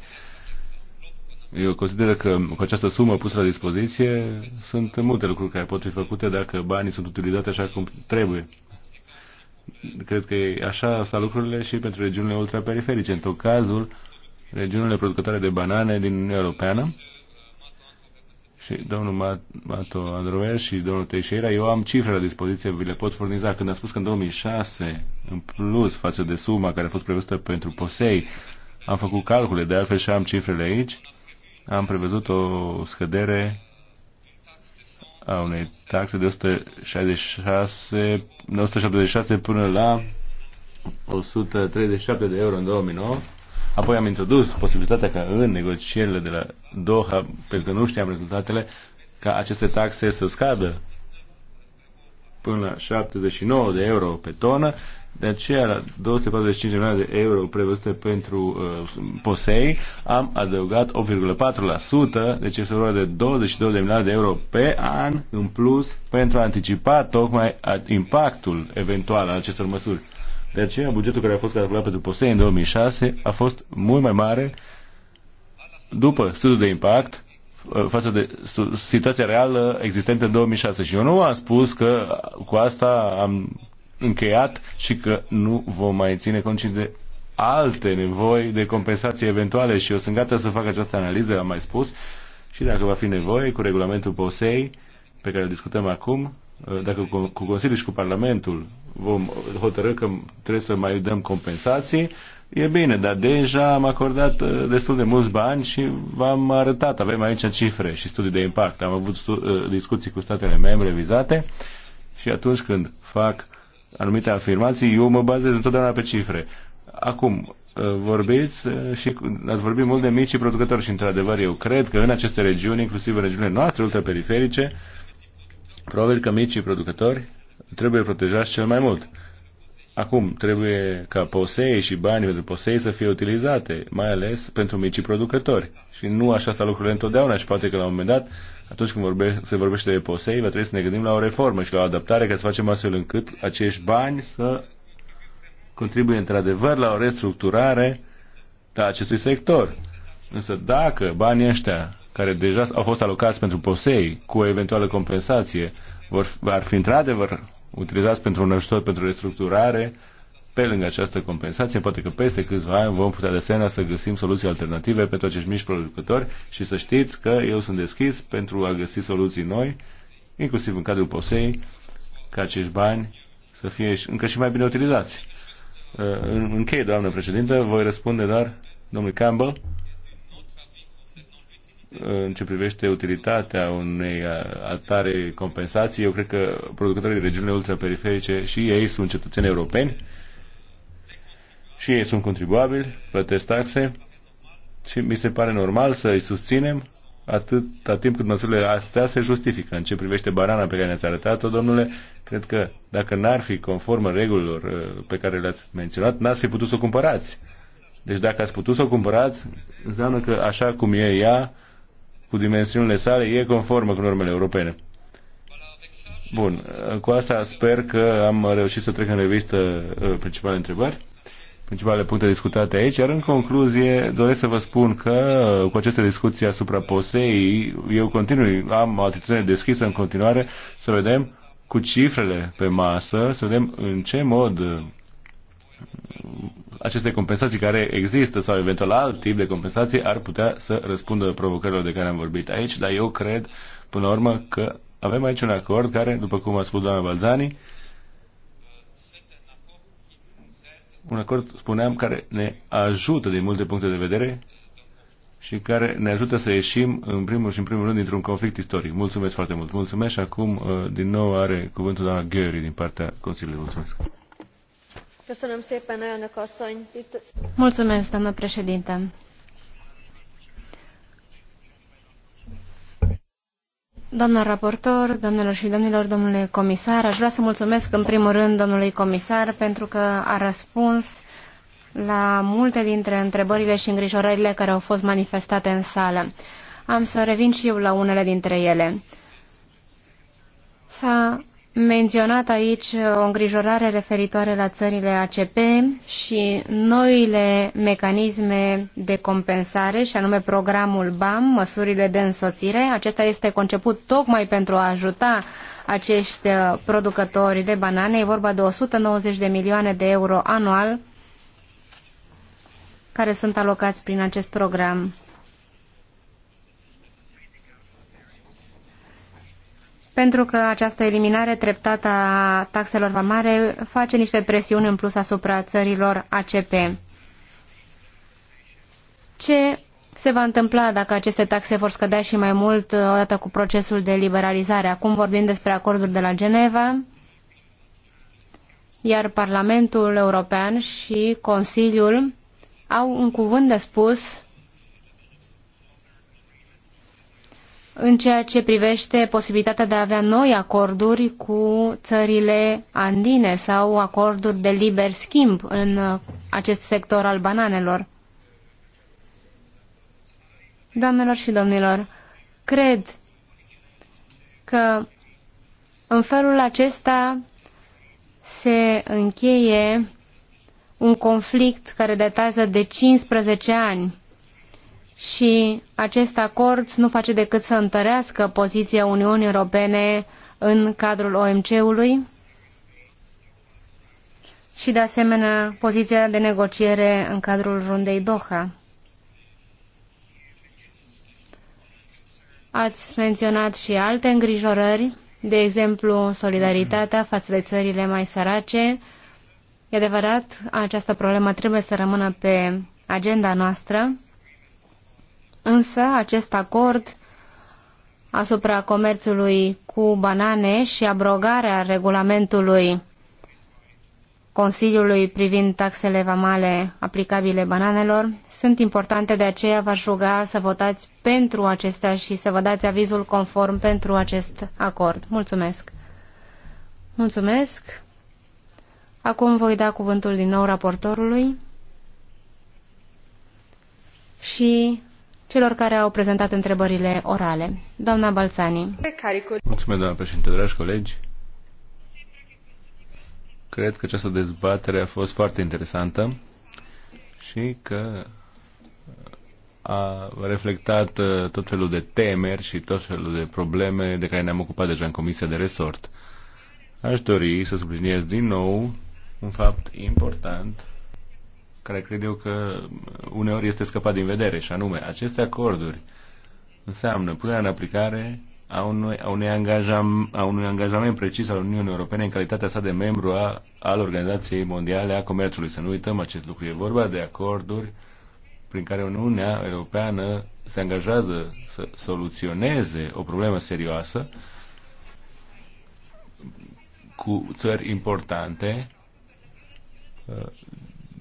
Eu consider că cu această sumă pusă la dispoziție sunt multe lucruri care pot fi făcute dacă banii sunt utilizate așa cum trebuie. Cred că așa asta lucrurile și pentru regiunile ultraperiferice. În tot cazul, regiunile producătoare de banane din Uniunea Europeană și domnul Mato Androver și domnul Teixeira, eu am cifre la dispoziție, vi le pot furniza. Când a spus că în 2006, în plus față de suma care a fost prevăzută pentru POSEI, am făcut calcule, de altfel și am cifrele aici, am prevăzut o scădere a unei taxe de 166, 176 până la 137 de euro în 2009. Apoi am introdus posibilitatea ca în negocierile de la Doha, pentru că nu știam rezultatele, ca aceste taxe să scadă până la 79 de euro pe tonă, de aceea la 245 milioane de euro prevăzute pentru uh, POSEI am adăugat 8,4%, deci este vorba de 22 de milioane de euro pe an în plus pentru a anticipa tocmai impactul eventual al acestor măsuri. De aceea bugetul care a fost calculat pentru POSEI în 2006 a fost mult mai mare după studiul de impact Uh, față de situația reală existentă în 2006. Și eu nu am spus că cu asta am încheiat și că nu vom mai ține cont de alte nevoi de compensații eventuale și eu sunt gata să fac această analiză, am mai spus, și dacă va fi nevoie, cu regulamentul POSEI, pe care îl discutăm acum, uh, dacă cu Consiliul și cu Parlamentul vom hotărâ că trebuie să mai dăm compensații, E bine, dar deja am acordat uh, destul de mulți bani și v-am arătat, avem aici cifre și studii de impact. Am avut uh, discuții cu statele membre vizate și atunci când fac anumite afirmații, eu mă bazez întotdeauna pe cifre. Acum, uh, vorbiți și ați vorbit mult de micii producători și într-adevăr eu cred că în aceste regiuni, inclusiv în regiunile noastre ultraperiferice, probabil că micii producători trebuie protejați cel mai mult Acum, trebuie ca posei și banii pentru posei să fie utilizate, mai ales pentru micii producători. Și nu așa stau lucrurile întotdeauna și poate că la un moment dat, atunci când vorbe, se vorbește de posei, va trebui să ne gândim la o reformă și la o adaptare ca să facem astfel încât acești bani să contribuie într-adevăr la o restructurare a acestui sector. Însă dacă banii ăștia care deja au fost alocați pentru posei cu o eventuală compensație vor, ar fi într-adevăr utilizați pentru un ajutor pentru restructurare, pe lângă această compensație, poate că peste câțiva ani vom putea de asemenea să găsim soluții alternative pentru acești mici producători și să știți că eu sunt deschis pentru a găsi soluții noi, inclusiv în cadrul POSEI, ca acești bani să fie încă și mai bine utilizați. Uh, închei, doamnă președintă, voi răspunde doar domnului Campbell în ce privește utilitatea unei atare compensații, eu cred că producătorii de regiunile ultraperiferice și ei sunt cetățeni europeni și ei sunt contribuabili, plătesc taxe și mi se pare normal să îi susținem atâta timp cât măsurile astea se justifică. În ce privește banana pe care ne-ați arătat-o, domnule, cred că dacă n-ar fi conformă regulilor uh, pe care le-ați menționat, n-ați fi putut să o cumpărați. Deci dacă ați putut să o cumpărați, înseamnă că așa cum e ea, cu dimensiunile sale, e conformă cu normele europene. Bun, cu asta sper că am reușit să trec în revistă uh, principalele întrebări, principalele puncte discutate aici, iar în concluzie doresc să vă spun că uh, cu aceste discuții asupra POSEI eu continui, am o atitudine deschisă în continuare să vedem cu cifrele pe masă, să vedem în ce mod uh, aceste compensații care există sau eventual alt tip de compensații ar putea să răspundă provocărilor de care am vorbit aici, dar eu cred, până la urmă, că avem aici un acord care, după cum a spus doamna Balzani, un acord, spuneam, care ne ajută din multe puncte de vedere și care ne ajută să ieșim, în primul și în primul rând, dintr-un conflict istoric. Mulțumesc foarte mult. Mulțumesc și acum, uh, din nou, are cuvântul doamna Gheri din partea Consiliului. Mulțumesc. Mulțumesc, doamnă președinte. raportor, doamnelor și domnilor, domnule comisar, aș vrea să mulțumesc în primul rând domnului comisar pentru că a răspuns la multe dintre întrebările și îngrijorările care au fost manifestate în sală. Am să revin și eu la unele dintre ele. S-a menționat aici o îngrijorare referitoare la țările ACP și noile mecanisme de compensare, și anume programul BAM, măsurile de însoțire. Acesta este conceput tocmai pentru a ajuta acești uh, producători de banane. E vorba de 190 de milioane de euro anual care sunt alocați prin acest program. pentru că această eliminare treptată a taxelor vamare face niște presiuni în plus asupra țărilor ACP. Ce se va întâmpla dacă aceste taxe vor scădea și mai mult uh, odată cu procesul de liberalizare? Acum vorbim despre acordul de la Geneva, iar Parlamentul European și Consiliul au un cuvânt de spus în ceea ce privește posibilitatea de a avea noi acorduri cu țările andine sau acorduri de liber schimb în acest sector al bananelor. Doamnelor și domnilor, cred că în felul acesta se încheie un conflict care datează de 15 ani și acest acord nu face decât să întărească poziția Uniunii Europene în cadrul OMC-ului și, de asemenea, poziția de negociere în cadrul rundei Doha. Ați menționat și alte îngrijorări, de exemplu, solidaritatea față de țările mai sărace. E adevărat, această problemă trebuie să rămână pe agenda noastră Însă acest acord asupra comerțului cu banane și abrogarea regulamentului Consiliului privind taxele vamale aplicabile bananelor sunt importante, de aceea v-aș ruga să votați pentru acestea și să vă dați avizul conform pentru acest acord. Mulțumesc! Mulțumesc! Acum voi da cuvântul din nou raportorului și celor care au prezentat întrebările orale. Doamna Balțani. Mulțumesc, doamna președinte, dragi colegi. Cred că această dezbatere a fost foarte interesantă și că a reflectat uh, tot felul de temeri și tot felul de probleme de care ne-am ocupat deja în Comisia de Resort. Aș dori să subliniez din nou un fapt important care cred eu că uneori este scăpat din vedere, și anume, aceste acorduri înseamnă punerea în aplicare a unui, a unui, angajam, a unui angajament precis al Uniunii Europene în calitatea sa de membru a, al Organizației Mondiale a Comerțului. Să nu uităm acest lucru. E vorba de acorduri prin care Uniunea Europeană se angajează să soluționeze o problemă serioasă cu țări importante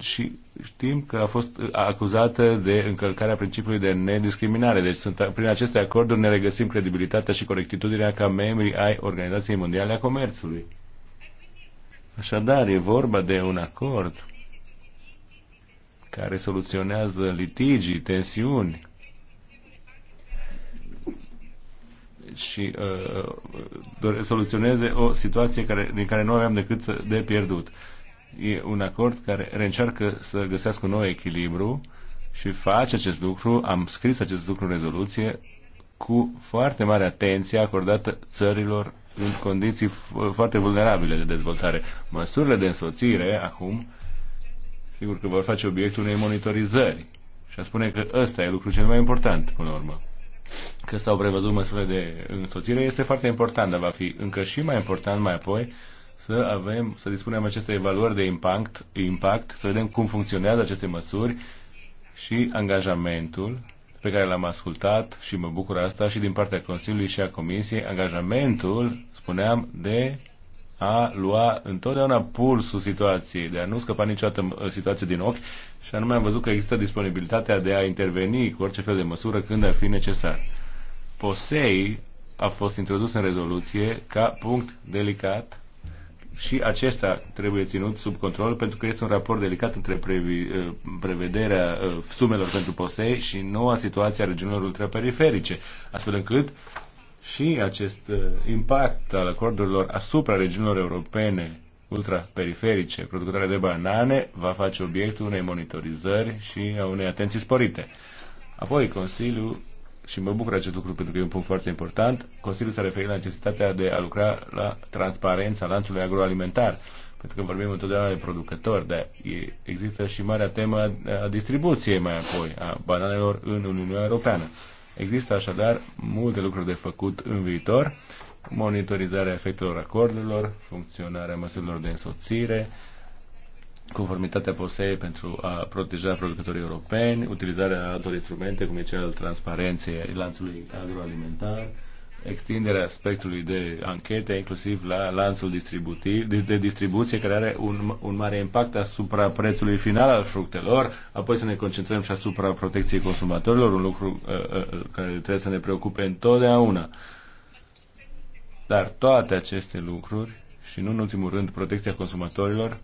și știm că a fost acuzată de încălcarea principiului de nediscriminare. Deci sunt, prin aceste acorduri ne regăsim credibilitatea și corectitudinea ca membri ai Organizației Mondiale a Comerțului. Așadar, e vorba de un acord care soluționează litigii, tensiuni și uh, uh soluționeze o situație care, din care nu aveam decât de pierdut. Uh, E un acord care reîncearcă să găsească un nou echilibru și face acest lucru, am scris acest lucru în rezoluție, cu foarte mare atenție acordată țărilor în condiții foarte vulnerabile de dezvoltare. Măsurile de însoțire acum, sigur că vor face obiectul unei monitorizări. Și a spune că ăsta e lucrul cel mai important, până la urmă. Că s-au prevăzut măsurile de însoțire este foarte important, dar va fi încă și mai important mai apoi să avem, să dispunem aceste evaluări de impact, impact, să vedem cum funcționează aceste măsuri și angajamentul pe care l-am ascultat și mă bucur asta și din partea Consiliului și a Comisiei, angajamentul, spuneam, de a lua întotdeauna pulsul situației, de a nu scăpa niciodată uh, situație din ochi și anume am văzut că există disponibilitatea de a interveni cu orice fel de măsură când ar fi necesar. POSEI a fost introdus în rezoluție ca punct delicat și acesta trebuie ținut sub control pentru că este un raport delicat între previ, eh, prevederea eh, sumelor pentru POSEI și noua situație a regiunilor ultraperiferice, astfel încât și acest eh, impact al acordurilor asupra regiunilor europene ultraperiferice, producătoare de banane, va face obiectul unei monitorizări și a unei atenții sporite. Apoi, Consiliul și mă bucur acest lucru pentru că e un punct foarte important, Consiliul s-a referit la necesitatea de a lucra la transparența lanțului agroalimentar, pentru că vorbim întotdeauna de producători, dar există și marea temă a distribuției mai apoi a bananelor în Uniunea Europeană. Există așadar multe lucruri de făcut în viitor, monitorizarea efectelor acordurilor, funcționarea măsurilor de însoțire, conformitatea POSEI pentru a proteja producătorii europeni, utilizarea altor instrumente, cum e cel al transparenței lanțului agroalimentar, extinderea spectrului de anchete, inclusiv la lanțul distributiv, de, de distribuție, care are un, un mare impact asupra prețului final al fructelor, apoi să ne concentrăm și asupra protecției consumatorilor, un lucru uh, uh, care trebuie să ne preocupe întotdeauna. Dar toate aceste lucruri, și nu în ultimul rând protecția consumatorilor,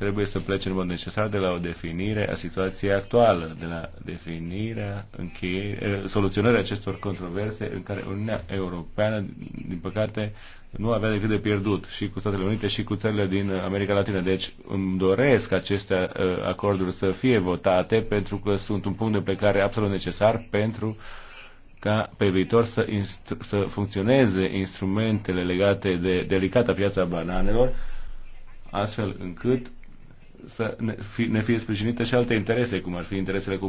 trebuie să plece în mod necesar de la o definire a situației actuală, de la definirea, încheie, eh, soluționarea acestor controverse în care Uniunea Europeană, din păcate, nu avea decât de pierdut și cu Statele Unite și cu țările din America Latină. Deci îmi doresc aceste eh, acorduri să fie votate pentru că sunt un punct de plecare absolut necesar pentru ca pe viitor să, să funcționeze instrumentele legate de delicata piața bananelor, astfel încât să ne, fi, ne fie sprijinite și alte interese, cum ar fi interesele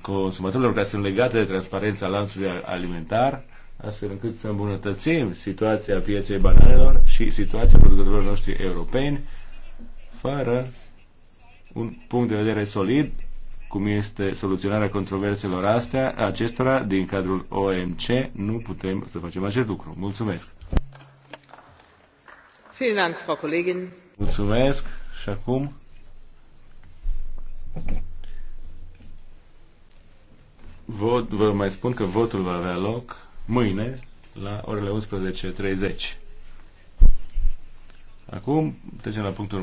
consumatorilor care sunt legate de transparența lanțului alimentar, astfel încât să îmbunătățim situația pieței bananelor și situația producătorilor noștri europeni, fără un punct de vedere solid, cum este soluționarea controverselor astea, acestora din cadrul OMC, nu putem să facem acest lucru. Mulțumesc! Vielen Dank, Frau Kollegin. Mulțumesc și acum Vot, vă mai spun că votul va avea loc mâine la orele 11.30. Acum trecem la punctul